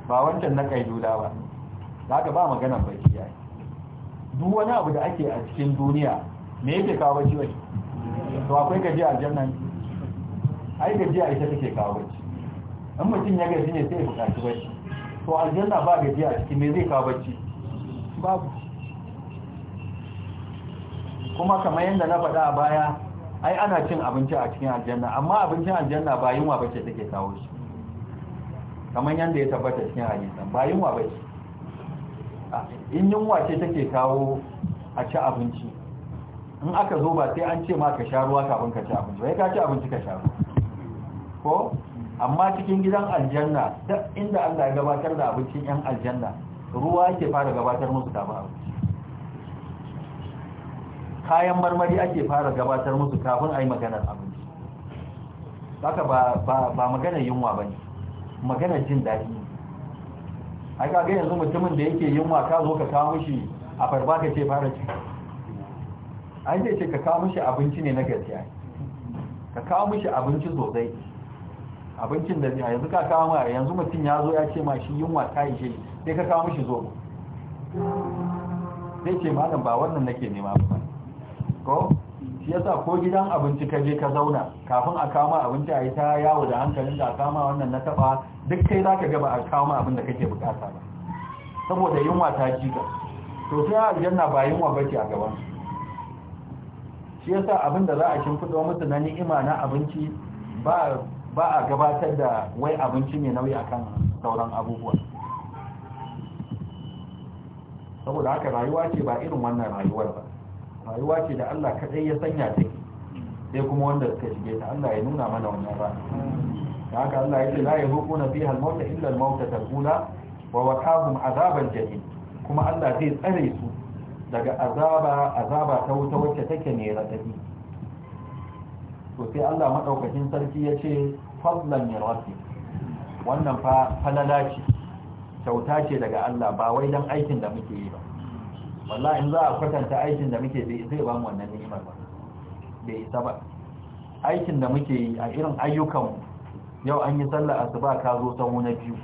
ba wancan na kai duda ba za ka ba maganan baki yi duk wani abu da ake a cikin duniya me yake kawo baki baki to akwai gaji a jannan ai gajiya ita take kawo baki in mutum ya gaji ne sai ya buƙaci shi. to aljanna ba gajiya a ciki me zai kawo baki babu kuma kamar yadda na faɗa a baya ai ana cin abinci a cikin aljanna amma abincin aljanna ba yunwa ba ce take kawo shi kamar yadda ya tabbata cikin hadisan ba yunwa ce in yunwa ce take kawo a ci abinci in aka zo ba sai an ce ma ka sha ruwa kafin ka ci abinci ba ka ci abinci ka sha ruwa ko amma cikin gidan aljanna duk inda Allah ya gabatar da abincin yan aljanna ruwa ke fara gabatar musu da abinci kayan marmari ake fara gabatar musu kafin a yi maganar abinci haka ba maganar yunwa ba ne maganar jin daɗi ai kaga yanzu mutumin da yake yunwa ka zo ka kawo shi a farba ka ce fara ci ai zai ce ka kawo shi abinci ne na gaskiya ka kawo shi abinci sosai abincin da a yanzu ka kawo mai yanzu mutum ya zo ya ce ma shi yunwa ta ishe sai ka kawo shi zo zai ce malam ba wannan nake nema ba ko shi yasa ko gidan abinci ka je ka zauna kafin a kama abinci a yi ta yawo da hankalin da a kama wannan na taba duk kai za ka gaba a kama abin da kake bukata ba saboda yunwa ta jika to sai aljanna ba yunwa ke a gaban shi yasa abin da za a shimfiɗo musu na ni'ima na abinci ba a gabatar da wai abinci mai nauyi a kan sauran abubuwa saboda haka rayuwa ce ba irin wannan rayuwar ba rayuwa ce da Allah kadai ya sanya ta sai kuma wanda suka shige ta Allah ya nuna mana wannan rana da haka Allah ya ce la yahuquna fiha al-mauta illa al-mauta takula wa waqahum azaban jahim kuma Allah zai tsare su daga azaba azaba ta wuta wacce take ne radadi to sai Allah madaukakin sarki ya ce fadlan min rabbi wannan fa falala ce kyauta ce daga Allah ba wai dan aikin da muke yi ba wallahi in za a kwatanta aikin da muke bai zai ba mu wannan ni'imar ba bai isa ba aikin da muke yi a irin ayyukan yau an yi sallar asuba ka zo sahu na biyu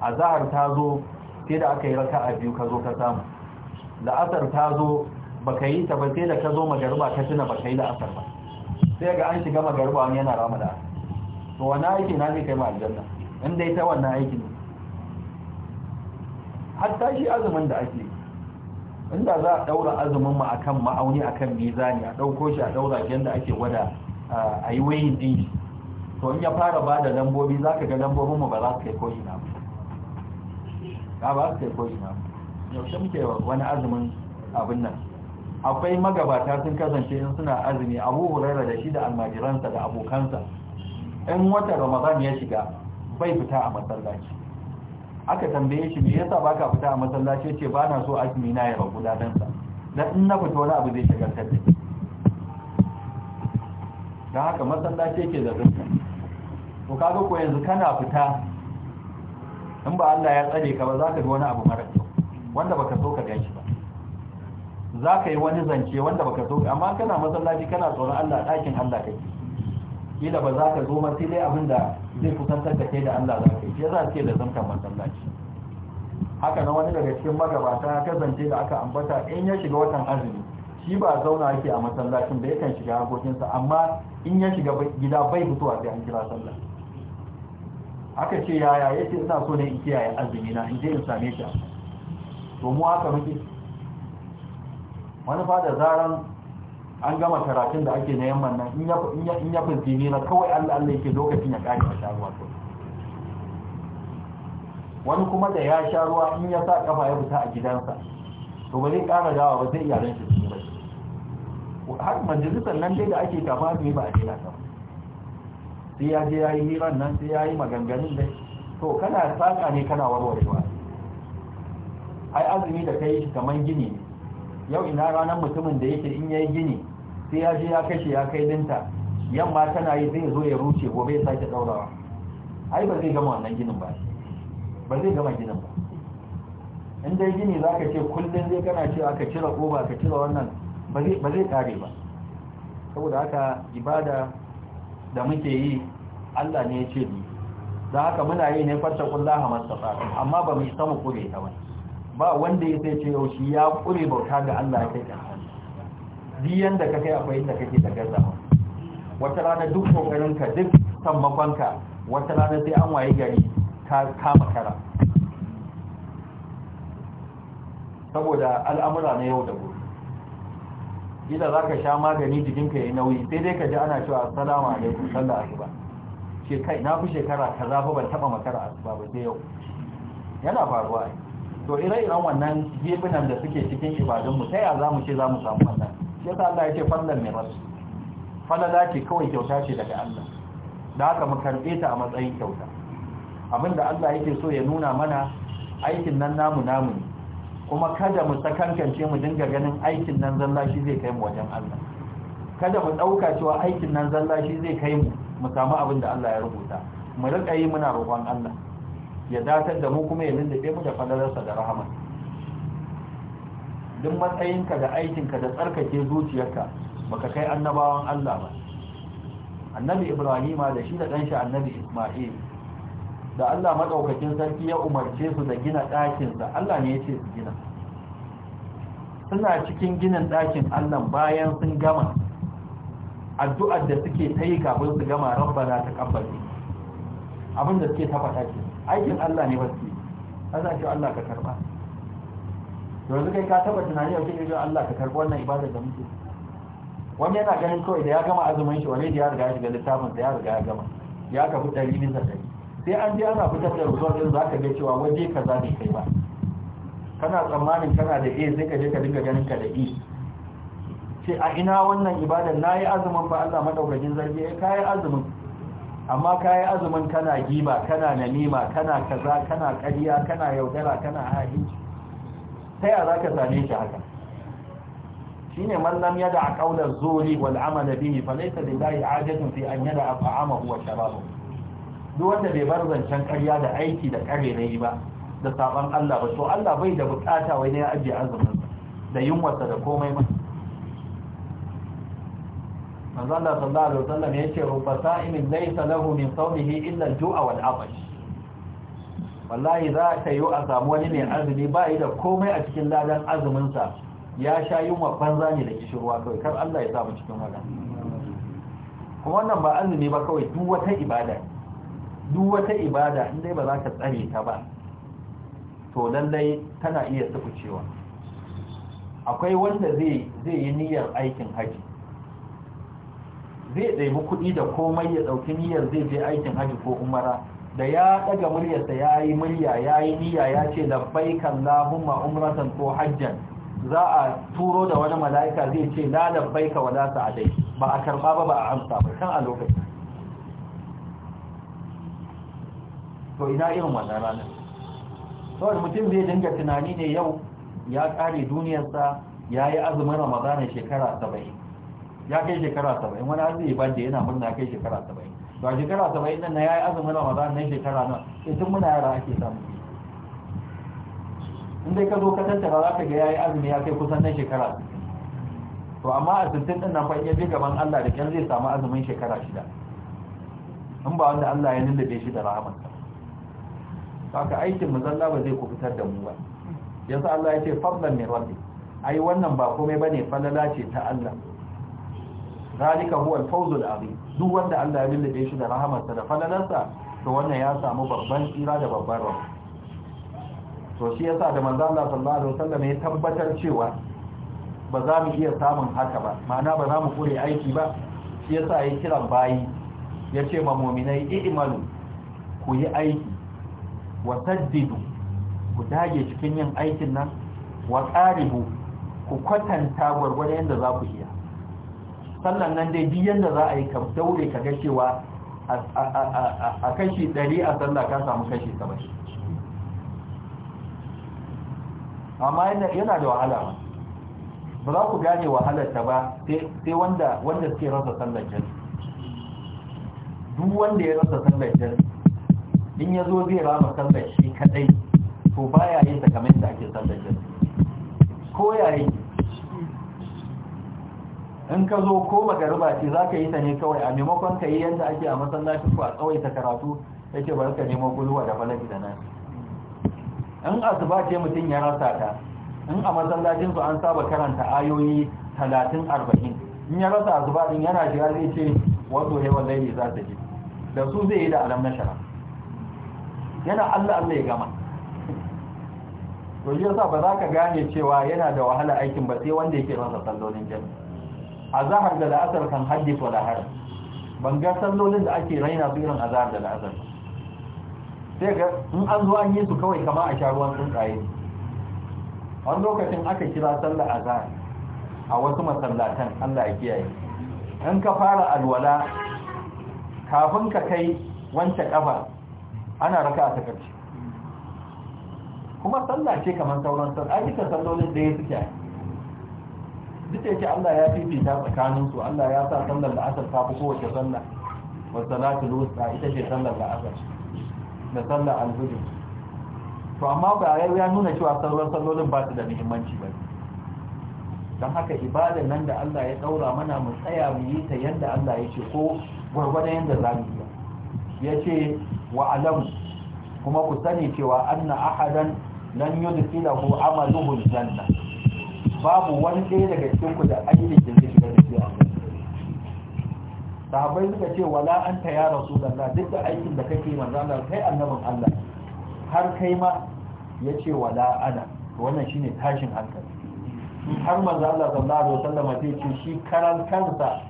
azhar ta zo sai da aka yi raka'a biyu ka zo ka samu la'asar ta zo baka yi ta ba sai da ka zo magariba ka tuna baka yi la'asar ba sai ga an shiga magariba wani yana ramada. da to wani aiki na ne kai ma aljanna in dai ta wannan aiki ne hatta shi azumin da ake inda za a daura azumin ma akan ma'auni akan mizani a dauko shi a daura shi yanda ake gwada ah, a yi wayin din shi to in ya fara ba da lambobi za ka ga lambobin mu ba za su kai ko ina ba ba su kai ko ina yaushe muke wani azumin abin nan akwai magabata sun kasance in suna azumi abu hurairar da shi da almajiransa da abokansa in wata ramadan ya shiga bai fita a masallaci aka tambaye shi me yasa baka fita a masallaci yace ba na so azumi na ya rabu dan sa dan in na fita wani abu zai shagaltar da ni dan haka masallaci yake da rinka to kaga ko yanzu kana fita in ba Allah ya tsare ka ba zaka ga wani abu mara kyau wanda baka so ka ganshi ba zaka yi wani zance wanda baka so amma kana masallaci kana tsoron Allah ɗakin Allah kake kila ba za ka zo masallaci dai abinda zai kusantar da kai da Allah zaka ya za ce da zanta masallaci haka na wani daga cikin magabata ya kazance da aka ambata in ya shiga watan azumi shi ba zauna yake a masallacin da yakan shiga harkokinsa amma in ya shiga gida bai fitowa sai an kira sallah aka ce yaya ya ce ina so ne in kiyaye azumi na in je in same shi to mu haka muke wani fada zaran an gama karatun da ake na yamman nan in ya fi zini na kawai allah allah yake lokacin ya kare a shaguwa kawai wani kuma da ya sha ruwa in ya sa kafa ya fita a gidansa to ba zai kara dawa ba zai iyalan shi su ba har majalisar nan dai da ake kafa su yi ba a daina ba. sai ya je ya yi hiran nan sai ya yi maganganun dai to kana saka ne kana warwarewa ai azumi da kai shi kamar gini yau ina ranar mutumin da yake in yayi gini sai ya je ya kashe ya kai dinta yamma tana yi zai zo ya ruce gobe ya sake daurawa ai ba zai gama wannan ginin ba shi ba zai gama ginin ba in dai gini za ka ce kullum zai kana ce aka cire ƙoba ka cire wannan ba zai kare ba saboda haka ibada da muke yi allah ne ya ce ni da haka muna yi ne farta kullaha mastafa amma ba mu isa kure ta wani ba wanda ya sai ce yau shi ya kure bauta ga allah ya kai ƙarfi duk yanda ka kai akwai inda kake da gazawa wata rana duk kokarinka duk sammakonka wata rana sai an waye gari kama kara saboda al'amura na yau da gobe gida za ka sha magani jikinka ya yi nauyi sai dai ka ji ana cewa salama ya kun sallar asuba ce kai na fi shekara ka zafi ban taba makara asuba ba sai yau yana faruwa ne. to ire-iren wannan gefinan da suke cikin ibadunmu Sai a za mu ce za mu samu wannan shi yasa Allah ya ce fallan mai rasu falala ce kawai kyauta ce daga Allah da haka mu karɓe ta a matsayin kyauta Abin da Allah yake so ya nuna mana aikin nan namu namu ne kuma kada mu tsakankance mu dinga ganin aikin nan zalla shi zai kai mu wajen Allah kada mu dauka cewa aikin nan zalla shi zai kai mu mu samu abin da Allah ya rubuta mu rika yi muna roƙon Allah ya datar da mu kuma ya lullube mu da fadalarsa da rahama duk matsayinka da aikinka da tsarkake zuciyarka baka kai annabawan Allah ba annabi Ibrahim da shi da ɗanshi annabi Isma'il da Allah madaukakin sarki ya umarce su da gina ɗakinsa Allah ne ya ce su gina suna cikin ginin ɗakin Allah bayan sun gama addu'ar da suke ta yi kafin su gama rabbana ta kabbace abin da suke tafata ce, aikin Allah ne ba su za ce Allah ka karba yanzu kai ka taba tunani a cikin Allah ka karba wannan ibada da muke wani yana ganin kawai da ya gama azumin shi wani da ya riga ya shiga littafin da ya riga ya gama ya kafi ɗari bisa ɗari sai an je ana fitar da ruwa din za ka ga cewa waje kaza ne kai ba kana tsammanin kana da A sai ka je ka dinga ganin ka da E sai a ina wannan ibadar nayi azumin fa Allah madaukakin zargi eh kai azumin amma kai azumin kana giba kana nanima, kana kaza kana ƙarya kana yaudara kana haji sai za zaka same shi haka shine man lam yada qawla zuri wal amala bihi falaysa lillahi ajatun fi an yada fa'amahu wa shababu duk wanda bai bar zancen ƙarya da aiki da ƙare na yi ba da sabon Allah ba to Allah bai da bukata wai ne ya ajiye azumin da wasa da komai ba manzo Allah sallallahu alaihi wasallam ce rubba sa'imin laysa lahu min sawmihi illa al-ju'a wal abash wallahi za ka yi a samu wani mai azumi ba yi da komai a cikin ladan azumin sa ya sha yunwa banza ne da kishirwa kawai kar Allah ya sa mu cikin wannan kuma wannan ba azumi ba kawai duk wata ibada ne duk wata ibada in dai ba za ka tsare ta ba to lallai tana iya tsukucewa akwai wanda zai yi niyyar aikin haji zai ɗaibi kuɗi da komai ya ɗauki niyyar zai je aikin haji ko umara da ya ɗaga muryarsa ya yi murya ya yi niyya ya ce da labbaikan lahumma umratan ko hajjan za a turo da wani mala'ika zai ce la labbaika wala dai ba a karɓa ba ba a amsa ba kan a lokacin to ina irin wannan ranar saboda mutum zai dinga tunani ne yau ya kare duniyarsa ya yi azumin ramadana shekara saba'in ya kai shekara saba'in wani har zai banda yana murna kai shekara saba'in a shekara saba'in nan na ya yi azumin ramadana na shekara nan sai eh, tun muna yara ake samu in dai ka zo ka tattara za ka ga ya yi azumi ya kai kusan na shekara to amma a sittin din nan fa'in ya je gaban Allah da kyan zai samu azumin shekara shida in ba wanda Allah ya lullube shi da rahamansa haka aikin mazalla ba zai ku fitar da mu ba yanzu Allah ya ce fadlan min rabbi ai wannan ba komai bane falala ce ta Allah zalika huwa al-fawzul azim duk wanda Allah ya lullube shi da rahamarsa da falalarsa to wannan ya samu babban tsira da babbar rawa to shi yasa da manzo Allah sallallahu alaihi wasallam ya tabbatar cewa ba za mu iya samun haka ba ma'ana ba za mu kure aiki ba shi yasa ya kiran bayi ya ce ma mu'minai i'malu ku yi aiki wa saddidu ku dage cikin yin aikin nan wa qaribu ku kwatanta gwargwadon yadda za ku iya sannan nan dai biyan da za a yi ka daure ka ga cewa a kashi 100 a sallah ka samu kashi 70 amma yana da wahala ba ba za ku gane wahalarta ba sai wanda suke rasa sallar jari duk wanda ya rasa sallar jari in ya zo zai rama sallar shi kadai to baya yin ta kamar yadda ake sallar shi ko yayi in ka zo ko magariba ce za ka yi ta ne kawai a maimakon ka yi yadda ake a masallaci ko a tsawaita karatu yake bar ka nemo gulwa da falaki da nan in asuba ce mutum ya rasa ta in a masallacin su an saba karanta ayoyi talatin arba'in in ya rasa asuba din yana jira zai ce wato hewan laili za ta ji da su zai yi da alam na yana Allah Allah ya gama to yi yasa ba za ka gane cewa yana da wahala aikin ba sai wanda yake rasa sallolin jami'i a zahar da la'asar kan haddi ko lahar ban ga sallolin da ake raina su irin a zahar da la'asar sai ga in an zo an yi su kawai kama a sharuwan ruwan tsuntsaye wani lokacin aka kira sallar zahar a wasu masallatan Allah ya kiyaye in ka fara alwala kafin ka kai wancan kafa ana raka ta karshe kuma sallah ce kamar sauran sallah ai duka sallolin da ya suke duk da yake Allah ya fifita tsakanin su Allah ya sa sallar da asar ta fi kowace sallah wa salatu lusa ita ce sallar da asar da sallar alhudu to amma ba ya nuna cewa sallar sallolin ba su da muhimmanci ba don haka ibadar nan da Allah ya daura mana mu tsaya mu yi ta yadda Allah ya ce ko gwargwadon yadda za mu yi ya ce wa alam kuma ku sani cewa anna ahadan lan yudkhilahu amaluhu janna babu wani ɗaya daga cikin ku da ainihin da zai shiga da shi sahabbai suka ce wala anta ya rasulullah duk da aikin da kake manzo Allah kai annabin Allah har kai ma yace wala ana wannan shine tashin hankali har manzo Allah sallallahu alaihi wasallam ya ce shi karan kansa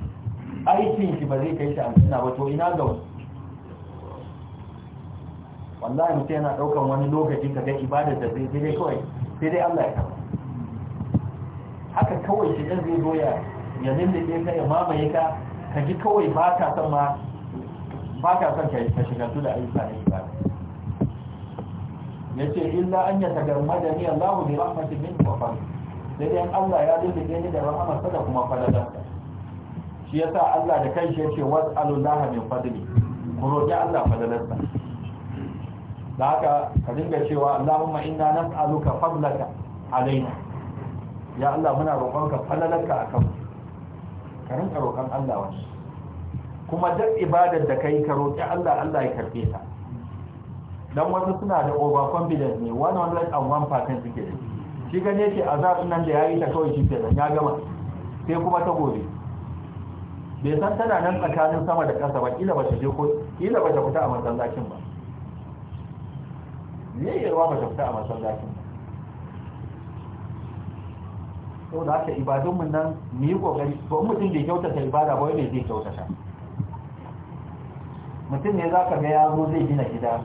aikin shi ba zai kai shi cikin ba to ina ga wasu wallahi mutum yana daukan wani lokaci ka ga ibadar da zai dai kawai sai dai Allah ya kama haka kawai shi dan zai zo ya ya lindike ka ya mamaye ka ka ji kawai ba ka san ma ba ka san ka shigantu da ayyuka ba ibada ce, illa an ya da ni Allah bi rahmatin min wa fa sai dai Allah ya lindike ni da rahmarsa da kuma fadalarsa shi yasa Allah da kanshi yace was'alullaha min fadli ku roki Allah fadalarsa da haka ka dinga cewa Allahumma inna nas'aluka fadlaka alaina ya Allah muna roƙonka falalarka akan ka rinka roƙon Allah wani kuma duk ibadar da kai ka roƙi Allah Allah ya karbe ta dan wasu suna da over confidence ne percent suke da shi gane ce azab nan da yayi ta kawai shi kenan ya gama sai kuma ta gobe bai san tana nan tsakanin sama da ƙasa ba ƙila ba ta je ko ƙila ba ta fita a masallacin ba me ya ruwa ba fita a masallaci sau da haka ibadunmu nan mu yi kokari ba mutum da kyautata ibada ba wai zai kyautata mutum ne za ka ga ya zo zai gina gida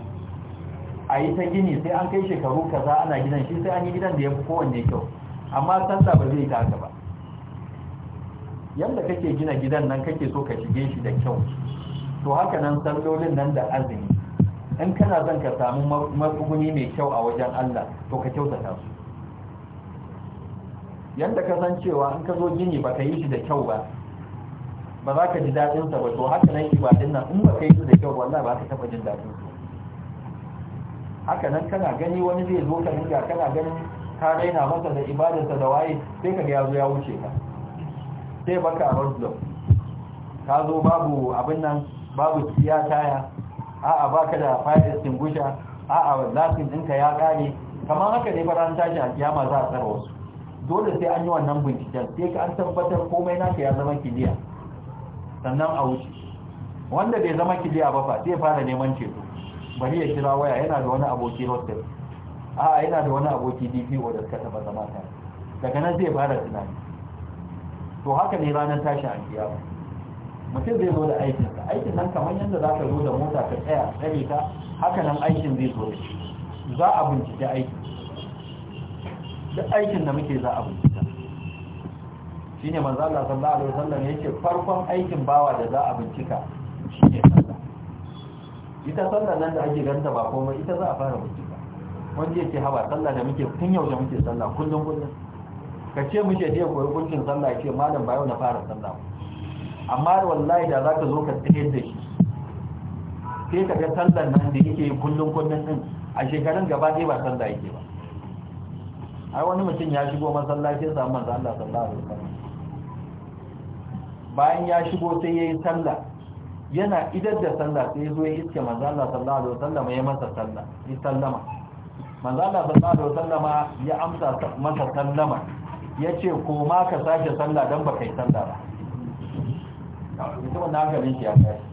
a yi ta gini sai an kai shekaru kaza ana gidan shi sai an yi gidan da ya fi kowanne kyau amma sanda ba zai ta haka ba yadda kake gina gidan nan kake so ka shige shi da kyau to haka nan sallolin nan da azumi in kana zan ka samu matsuguni mai kyau a wajen Allah to ka kyautata su yadda ka san cewa in ka zo gini ba ka yi shi da kyau ba ba za ka ji daɗinsa ba to haka nan ibadin nan in ba ka yi shi da kyau wallahi ba ka taɓa jin daɗin su haka nan kana gani wani zai zo ka dinga kana ganin ka raina masa da ibadarsa da waye sai ka ga ya zo ya wuce ka sai baka a ka zo babu abin nan babu siya taya a'a baka da fire extinguisher a'a lafin ɗinka ya ƙare kamar haka ne faran tashi a kiyama za a tsara wasu dole sai an yi wannan binciken sai ka an tabbatar komai naka ya zama kiliya sannan a wuce wanda bai zama kiliya ba fa sai fara neman ceto bari ya kira waya yana da wani aboki roster a'a yana da wani aboki dpo da suka taba zama daga nan zai fara tunani to haka ne ranar tashi a kiyama mutum zai zo da aikin ka aikin nan kamar yadda za ka zo da mota ka tsaya tsare ka haka nan aikin zai zo da shi za a bincike aikin da aikin da muke za a bincika shi ne manzala sallallahu alaihi wasallam ya ce farkon aikin bawa da za a bincika shi ne sallah ita sallar nan da ake ganta ba komai ita za a fara bincika wanda ya ce haba sallah da muke kun yau da muke sallah kullum kullum ka ce muke je koyi kuncin sallah ya ce malam ba yau na fara sallah amma wallahi da zaka zo ka tsayar da shi sai ka ga sallar nan da yake kullun kullun din a shekarun gaba ɗaya ba sallah yake ba ai wani mutum ya shigo masallacin sa manzo Allah sallallahu alaihi wasallam bayan ya shigo sai yayi sallah yana idar da sallah sai zo ya iske manzo Allah sallallahu alaihi wasallam ya masa sallah ya sallama manzo Allah sallallahu alaihi wasallama ya amsa masa sallama yace ko ma ka sake sallah dan baka yi sallah ba mutumin na hankalin shi ya tashi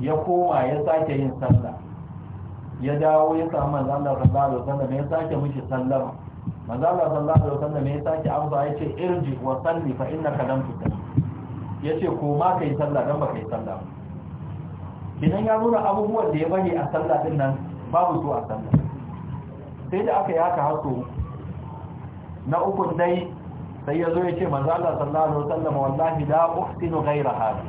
ya koma ya sake yin sallah ya dawo ya samu manzo sallah da wasan da ya sake mishi sallah? manzo sallah da wasan da ya sake amsa ya ce irji wa salli fa innaka lam ya ce koma yi sallah ba baka yi sallah idan ya nuna abubuwan da ya bari a sallah din nan babu su a sallah sai da aka yi haka haso na uku dai sai ya zo ya ce manzo Allah sallallahu alaihi wasallam wallahi da uftinu ghayra hadi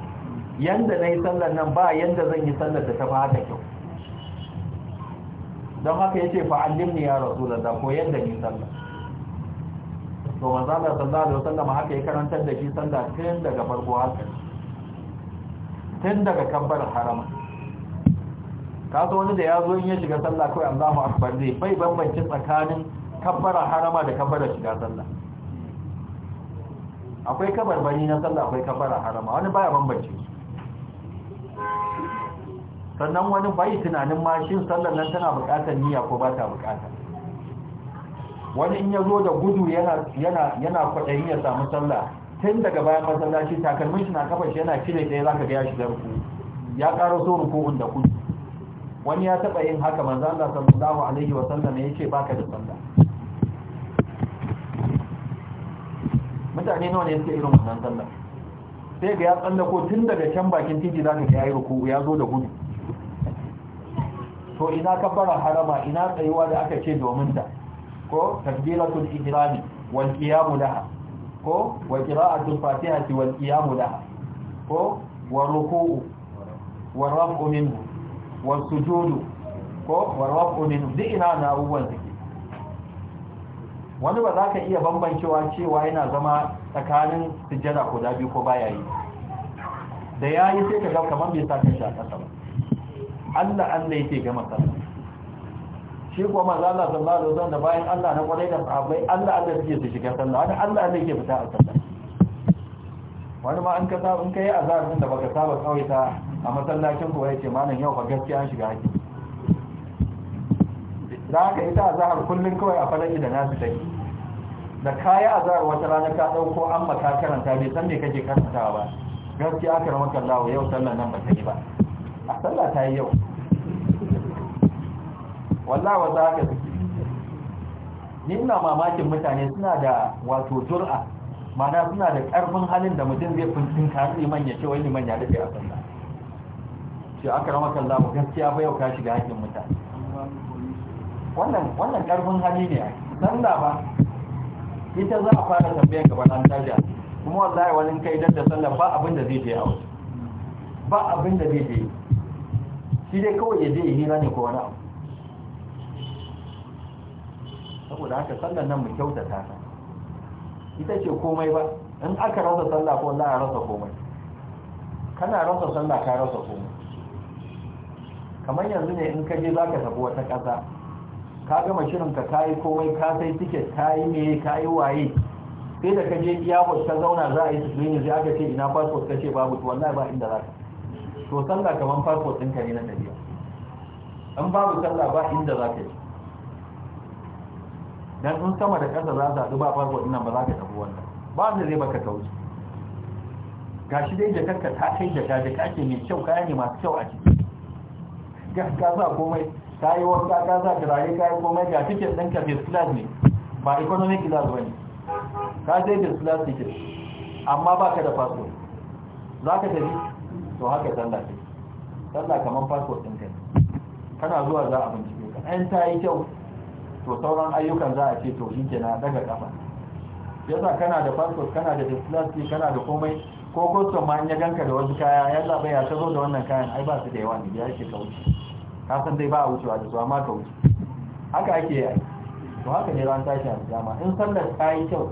yanda nayi sallar nan ba yanda zan yi sallar da tafi haka kyau don haka yace fa allimni ya rasulullah ko yanda ni sallar to manzo Allah sallallahu alaihi wasallam haka ya karanta da shi sallah tun daga farko har tun daga kabbar harama kaso wani da ya zo in ya shiga sallah kawai Allahu akbar zai bai bambanci tsakanin kabbara harama da kabbara shiga sallah akwai kabar bani na sallah akwai kabara harama wani baya bambance sannan wani bai tunanin ma sallar nan tana buƙatar niyya ko ba ta buƙata wani in ya zo da gudu yana yana kwaɗayin ya samu sallah tun daga bayan masallaci takalmin shi na kafa shi yana cire ɗaya zaka ga ya shiga ruku ya ƙara so ruku da kudu wani ya taɓa yin haka manzo Allah sallallahu alaihi wa sallam ya ce baka da sallah mutane nawa ne suke irin wannan sallah sai ga ya tsallako tun daga can bakin titi za ka ga yayi ruku ya zo da gudu to ina kabbara harama ina tsayuwa da aka ce domin ta ko takbiratul ihrami wal qiyamu laha ko wa qira'atul fatihati wal qiyamu laha ko wa ruku'u wa raf'u minhu wa sujudu ko wa raf'u minhu duk ina na abubuwan wani ba za ka iya bambancewa cewa yana zama tsakanin sujjada ko dabi ko baya yi da ya yi sai ka ga kamar bai sa kashi a ƙasa ba Allah da yake gama sallah shi kuwa manzo Allah sallallahu alaihi wasallam da bayan Allah na kwarai da sahabbai Allah Allah suke su shiga sallah wani Allah Allah yake fita a sallah wani ma an ka in kai azar din da baka saba kawai ta a masallacin kuwa ce malam yau ba gaskiya an shiga hakki da haka ita a zahar kullum kawai a falaki da nasu take da kaya a zahar wata rana ka ɗauko an maka karanta bai san me kake karanta ba gaskiya aka ramar kallawa yau sallar nan ba ta yi ba a sallar ta yi yau wallah za ka suke ni ina mamakin mutane suna da wato jur'a mana suna da ƙarfin halin da mutum zai kuncin kari manya ce wani manya da ke a sallah shi aka ramar kallawa gaskiya ba yau ka shiga hakin mutane wannan wannan karfin hali ne dan da ba ita za a fara tambayar gaba nan taja kuma wallahi wani kai da sallah ba abin da zai je a wuce ba abin da zai je shi dai kawai ya je ya hira ne ko wani abu saboda haka sallar nan mu kyautata ta ita ce komai ba in aka rasa sallah ko wallahi rasa komai kana rasa sallah ka rasa komai kamar yanzu ne in ka je zaka tafi wata ƙasa ka gama shirinka ka yi komai ka sai tiket ka yi meye ka yi waye sai da ka je airport ka zauna za a yi screening sai aka ce ina passport ka ce babu to wallahi ba inda za ka to sallah kaman passport ka ne na tafiya in babu sallah ba inda za ka yi dan in sama da ƙasa za ta ba passport ɗin nan ba za ka tafi wannan ba wanda zai baka kauce shi dai jakarka ta kai jaka jaka ce mai kyau kaya ne masu kyau a ciki ga ka sa komai ka yi wanka ka sa turare ka yi komai ga tiket ɗinka first class ne ba economic class ba ne ka sai bisklas class amma ba ka da passport za ka tafi to haka sallah ce sallah kamar passport ɗinka ne kana zuwa za a bincike ka ɗan ta yi kyau to sauran ayyukan za a ce to shi ke na daga kafa yasa kana da passport kana da ne kana da komai ko custom ma in ya ganka da wasu kaya ya zaɓa ya ta zo da wannan kayan ai ba su da yawa ne ya ce wuce. ka san dai ba a wucewa da su amma ka wuce haka ake yi to haka ne ran tashi a jama'a in sallar ta yi kyau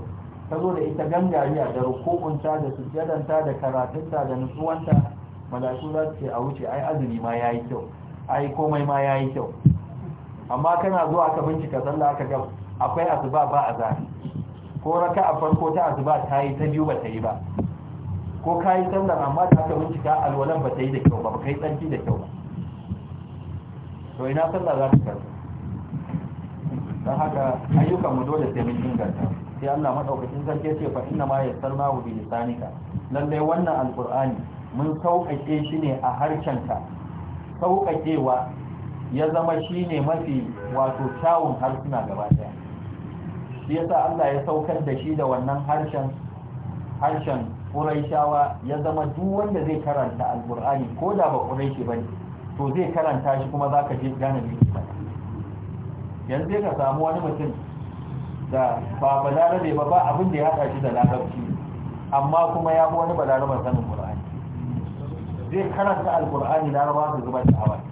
ta zo da ita gangari a da rukunta da sujjadanta da karatunta da nutsuwanta malaku za su ce a wuce ai azumi ma ya yi kyau ai komai ma ya yi kyau amma kana zuwa aka bincika sallah aka ga akwai asuba ba a zafi ko raka a farko ta asuba ta yi ta biyu ba ta yi ba ko ka yi sallar amma ta aka bincika alwalan ba ta yi da kyau ba ba ka yi tsarki da kyau ba to ina sallah za ta karu don haka ayyukan mu dole sai mun inganta sai Allah madaukakin sarki ce fa inna ma hu bi lisanika lalle wannan alqur'ani mun sauƙaƙe shi ne a ka sauƙaƙewa ya zama shi ne mafi wato kyawun harsuna gaba ɗaya shi yasa Allah ya saukar da shi da wannan harshen harshen ƙuraishawa ya zama duk wanda zai karanta alƙur'ani ko da ba Quraishi bane to zai karanta shi kuma za ka je gane mai isa yanzu ka samu wani mutum da ba balarabe ba ba abin da ya haɗa shi da larabci amma kuma ya fi wani balaraban sanin ƙur'ani zai karanta alƙur'ani laraba su shi da wani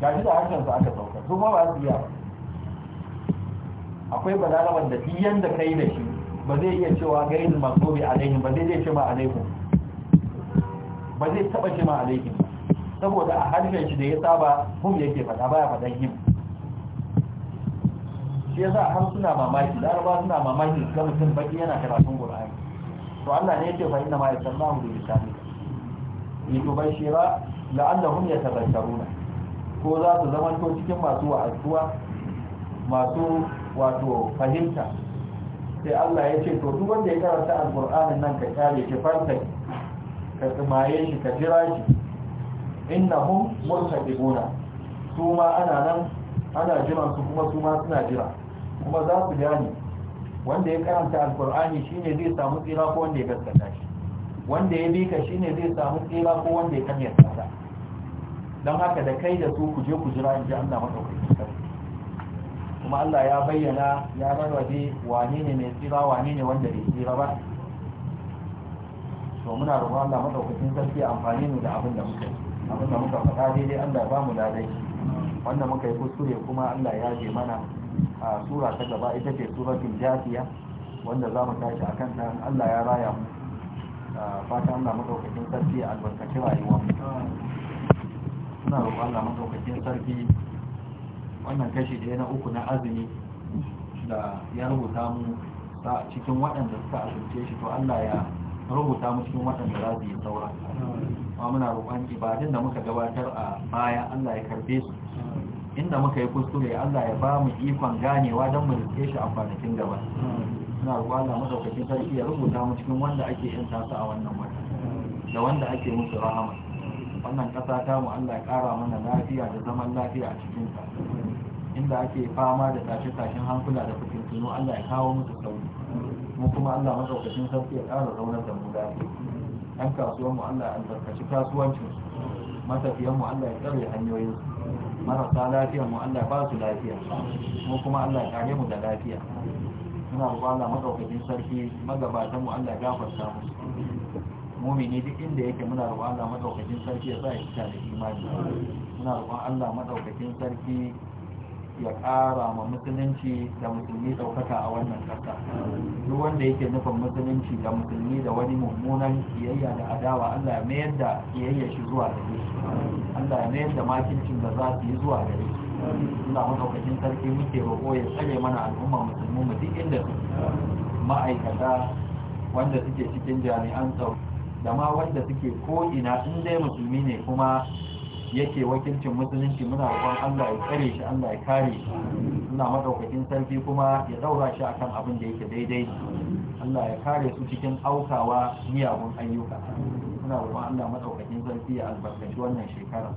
ga shi da harshen su aka sauka su ba su iya akwai balaraban da duk yanda kai da shi ba zai iya cewa gairin masobi alaihim ba zai ce ma alaihim ba zai taɓa ce ma alaihim ba saboda a harshen shi da ya saba hum yake faɗa baya faɗan him shi yasa har suna mamaki laraba suna mamaki ga mutum baki yana karatun qur'ani to Allah ne yake fa inna ma yasallahu bi lisani yutubashira la'annahum yatabashsharuna ko za su zama to cikin masu wa'azuwa masu wato fahimta sai Allah ya ce to duk wanda ya karanta alqur'anin nan ka kare shi fanta ka tsimaye shi ka jira shi innahum murtaqibuna su ma ana nan ana jiran su kuma su ma suna jira kuma za su gani wanda ya karanta alqur'ani shine zai samu tsira ko wanda ya gaskata shi wanda ya bi ka shine zai samu tsira ko wanda ya kanya tsada don haka da kai da su ku je ku jira in Allah madaukakin sarki kuma Allah ya bayyana ya rarrabe wane ne mai tsira wane ne wanda bai tsira ba to muna roƙon Allah madaukakin sarki amfani ne da abin da muka yi abinda muka faɗa daidai Allah ba mu ladai wanda muka yi kuskure kuma Allah ya je mana a sura ta gaba ita ce suratul jafiya wanda za mu tashi a kan Allah ya raya mu fatan Allah madaukakin sarki a albarkaci rayuwa suna roƙon Allah madaukakin sarki wannan kashi da na uku na azumi da ya rubuta mu cikin waɗanda suka azumce shi to Allah ya rubuta mu cikin waɗanda za su yi saura amma muna roƙon ibadun da muka gabatar a baya Allah ya karbe su inda muka yi kuskure Allah ya ba mu ikon ganewa don mu rike shi a kwanakin gaba muna roƙon Allah madaukakin sarki ya rubuta mu cikin wanda ake yin tasa a wannan wata da wanda ake musu rahama wannan kasa ta mu Allah ya ƙara mana lafiya da zaman lafiya a cikin ta inda ake fama da tashe-tashen hankula da fitintunu Allah ya kawo musu sauki mu kuma Allah masaukakin sarki ya ƙara zaunar da mu lafiya ɗan kasuwan mu Allah ya albarkaci kasuwancin matafiyan mu Allah ya tsare hanyoyin marasa lafiya mu Allah ba su lafiya mu kuma Allah ya kare mu da lafiya muna roƙon Allah masaukakin sarki magabatan mu Allah ya gafarta mu mumini duk inda yake muna roƙon Allah madaukakin sarki ya sa ya fita da imani muna roƙon Allah madaukakin sarki ya ƙara ma musulunci da musulmi ɗaukaka a wannan ƙasa duk wanda yake nufin musulunci da musulmi da wani mummunan kiyayya da adawa Allah ya mayar da kiyayya shi zuwa gare shi Allah ya mayar da makincin da za su yi zuwa gare shi Allah madaukakin sarki muke roƙo ya tsare mana al'umma musulmi mu duk inda su ma'aikata wanda suke cikin jami'an tsaro da ma wanda suke ko ina in dai musulmi ne kuma yake wakilcin musulunci muna roƙon Allah ya tsare shi Allah ya kare shi muna madaukakin sarki kuma ya daura shi a kan abin da yake daidai Allah ya kare su cikin aukawa miyagun ayyuka muna roƙon Allah madaukakin sarki ya albarkaci wannan shekara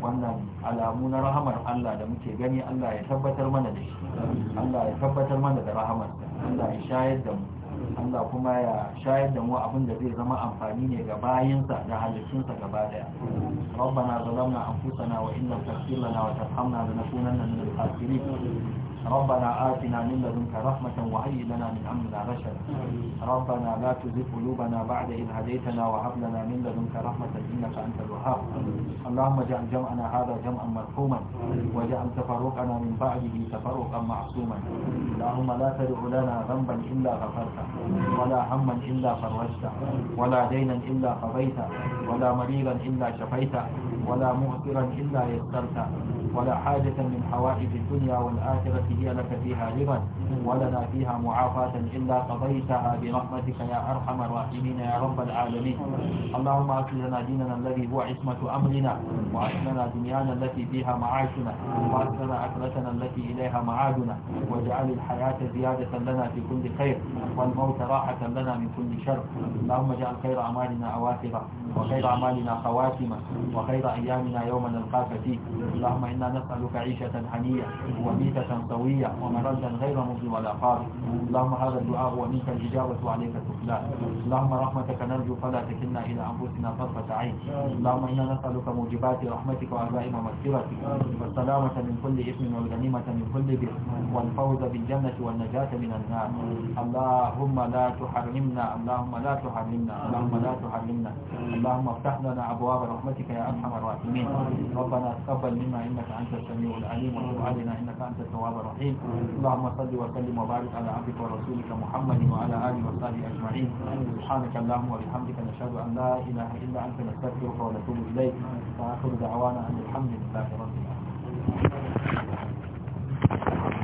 wannan alamu na rahamar Allah da muke gani Allah ya tabbatar mana da shi Allah ya tabbatar mana da rahamar Allah ya shayar da mu Allah kuma ya shayar da mu abin da zai zama amfani ne ga bayinsa da halittunsa gaba daya rabbana zalamna anfusana wa in lam taghfir lana na tarhamna lanakunanna minal khasirin ربنا آتنا من لدنك رحمة وهيئ لنا من أمرنا رشدا ربنا لا تزغ قلوبنا بعد إذ هديتنا وهب لنا من لدنك رحمة إنك أنت الوهاب اللهم اجعل جمعنا هذا جمعا مرحوما واجعل تفرقنا من بعده تفرقا معصوما اللهم لا تدع لنا ذنبا إلا غفرته ولا هما إلا فرجته ولا دينا إلا قضيته ولا مريضا إلا شفيته ولا مغفرا إلا يسرت ولا حاجة من حوائج الدنيا والآخرة هي لك فيها رضا ولنا فيها معافاة إلا قضيتها برحمتك يا أرحم الراحمين يا رب العالمين اللهم اصلح لنا ديننا الذي هو عصمة أمرنا وأصلنا دنيانا التي فيها معاشنا وأصلنا أكلتنا التي إليها معادنا واجعل الحياة زيادة لنا في كل خير والموت راحة لنا من كل شر اللهم اجعل خير أعمالنا أواخرة وخير أعمالنا خواتمة وخير أيامنا يوم نلقاك فيه اللهم إنا نسألك عيشة حنية وميتة سوية ومردا غير مضي ولا قار اللهم هذا الدعاء ومنك الإجابة عليك السفلان اللهم رحمتك نرجو فلا تكلنا إلى أنفسنا طرفة عين اللهم إنا نسألك موجبات رحمتك وعزائم مغفرتك والسلامة من كل إثم والغنيمة من كل بر والفوز بالجنة والنجاة من النار اللهم لا تحرمنا اللهم لا تحرمنا اللهم لا تحرمنا اللهم افتح لنا أبواب رحمتك يا أرحم الراحمين ربنا تقبل منا انك انت السميع العليم وتب علينا انك انت التواب الرحيم اللهم صل وسلم وبارك على عبدك ورسولك محمد وعلى اله وصحبه اجمعين سبحانك اللهم وبحمدك نشهد ان لا اله الا انت نستغفرك ونتوب اليك واخر دعوانا ان الحمد لله رب العالمين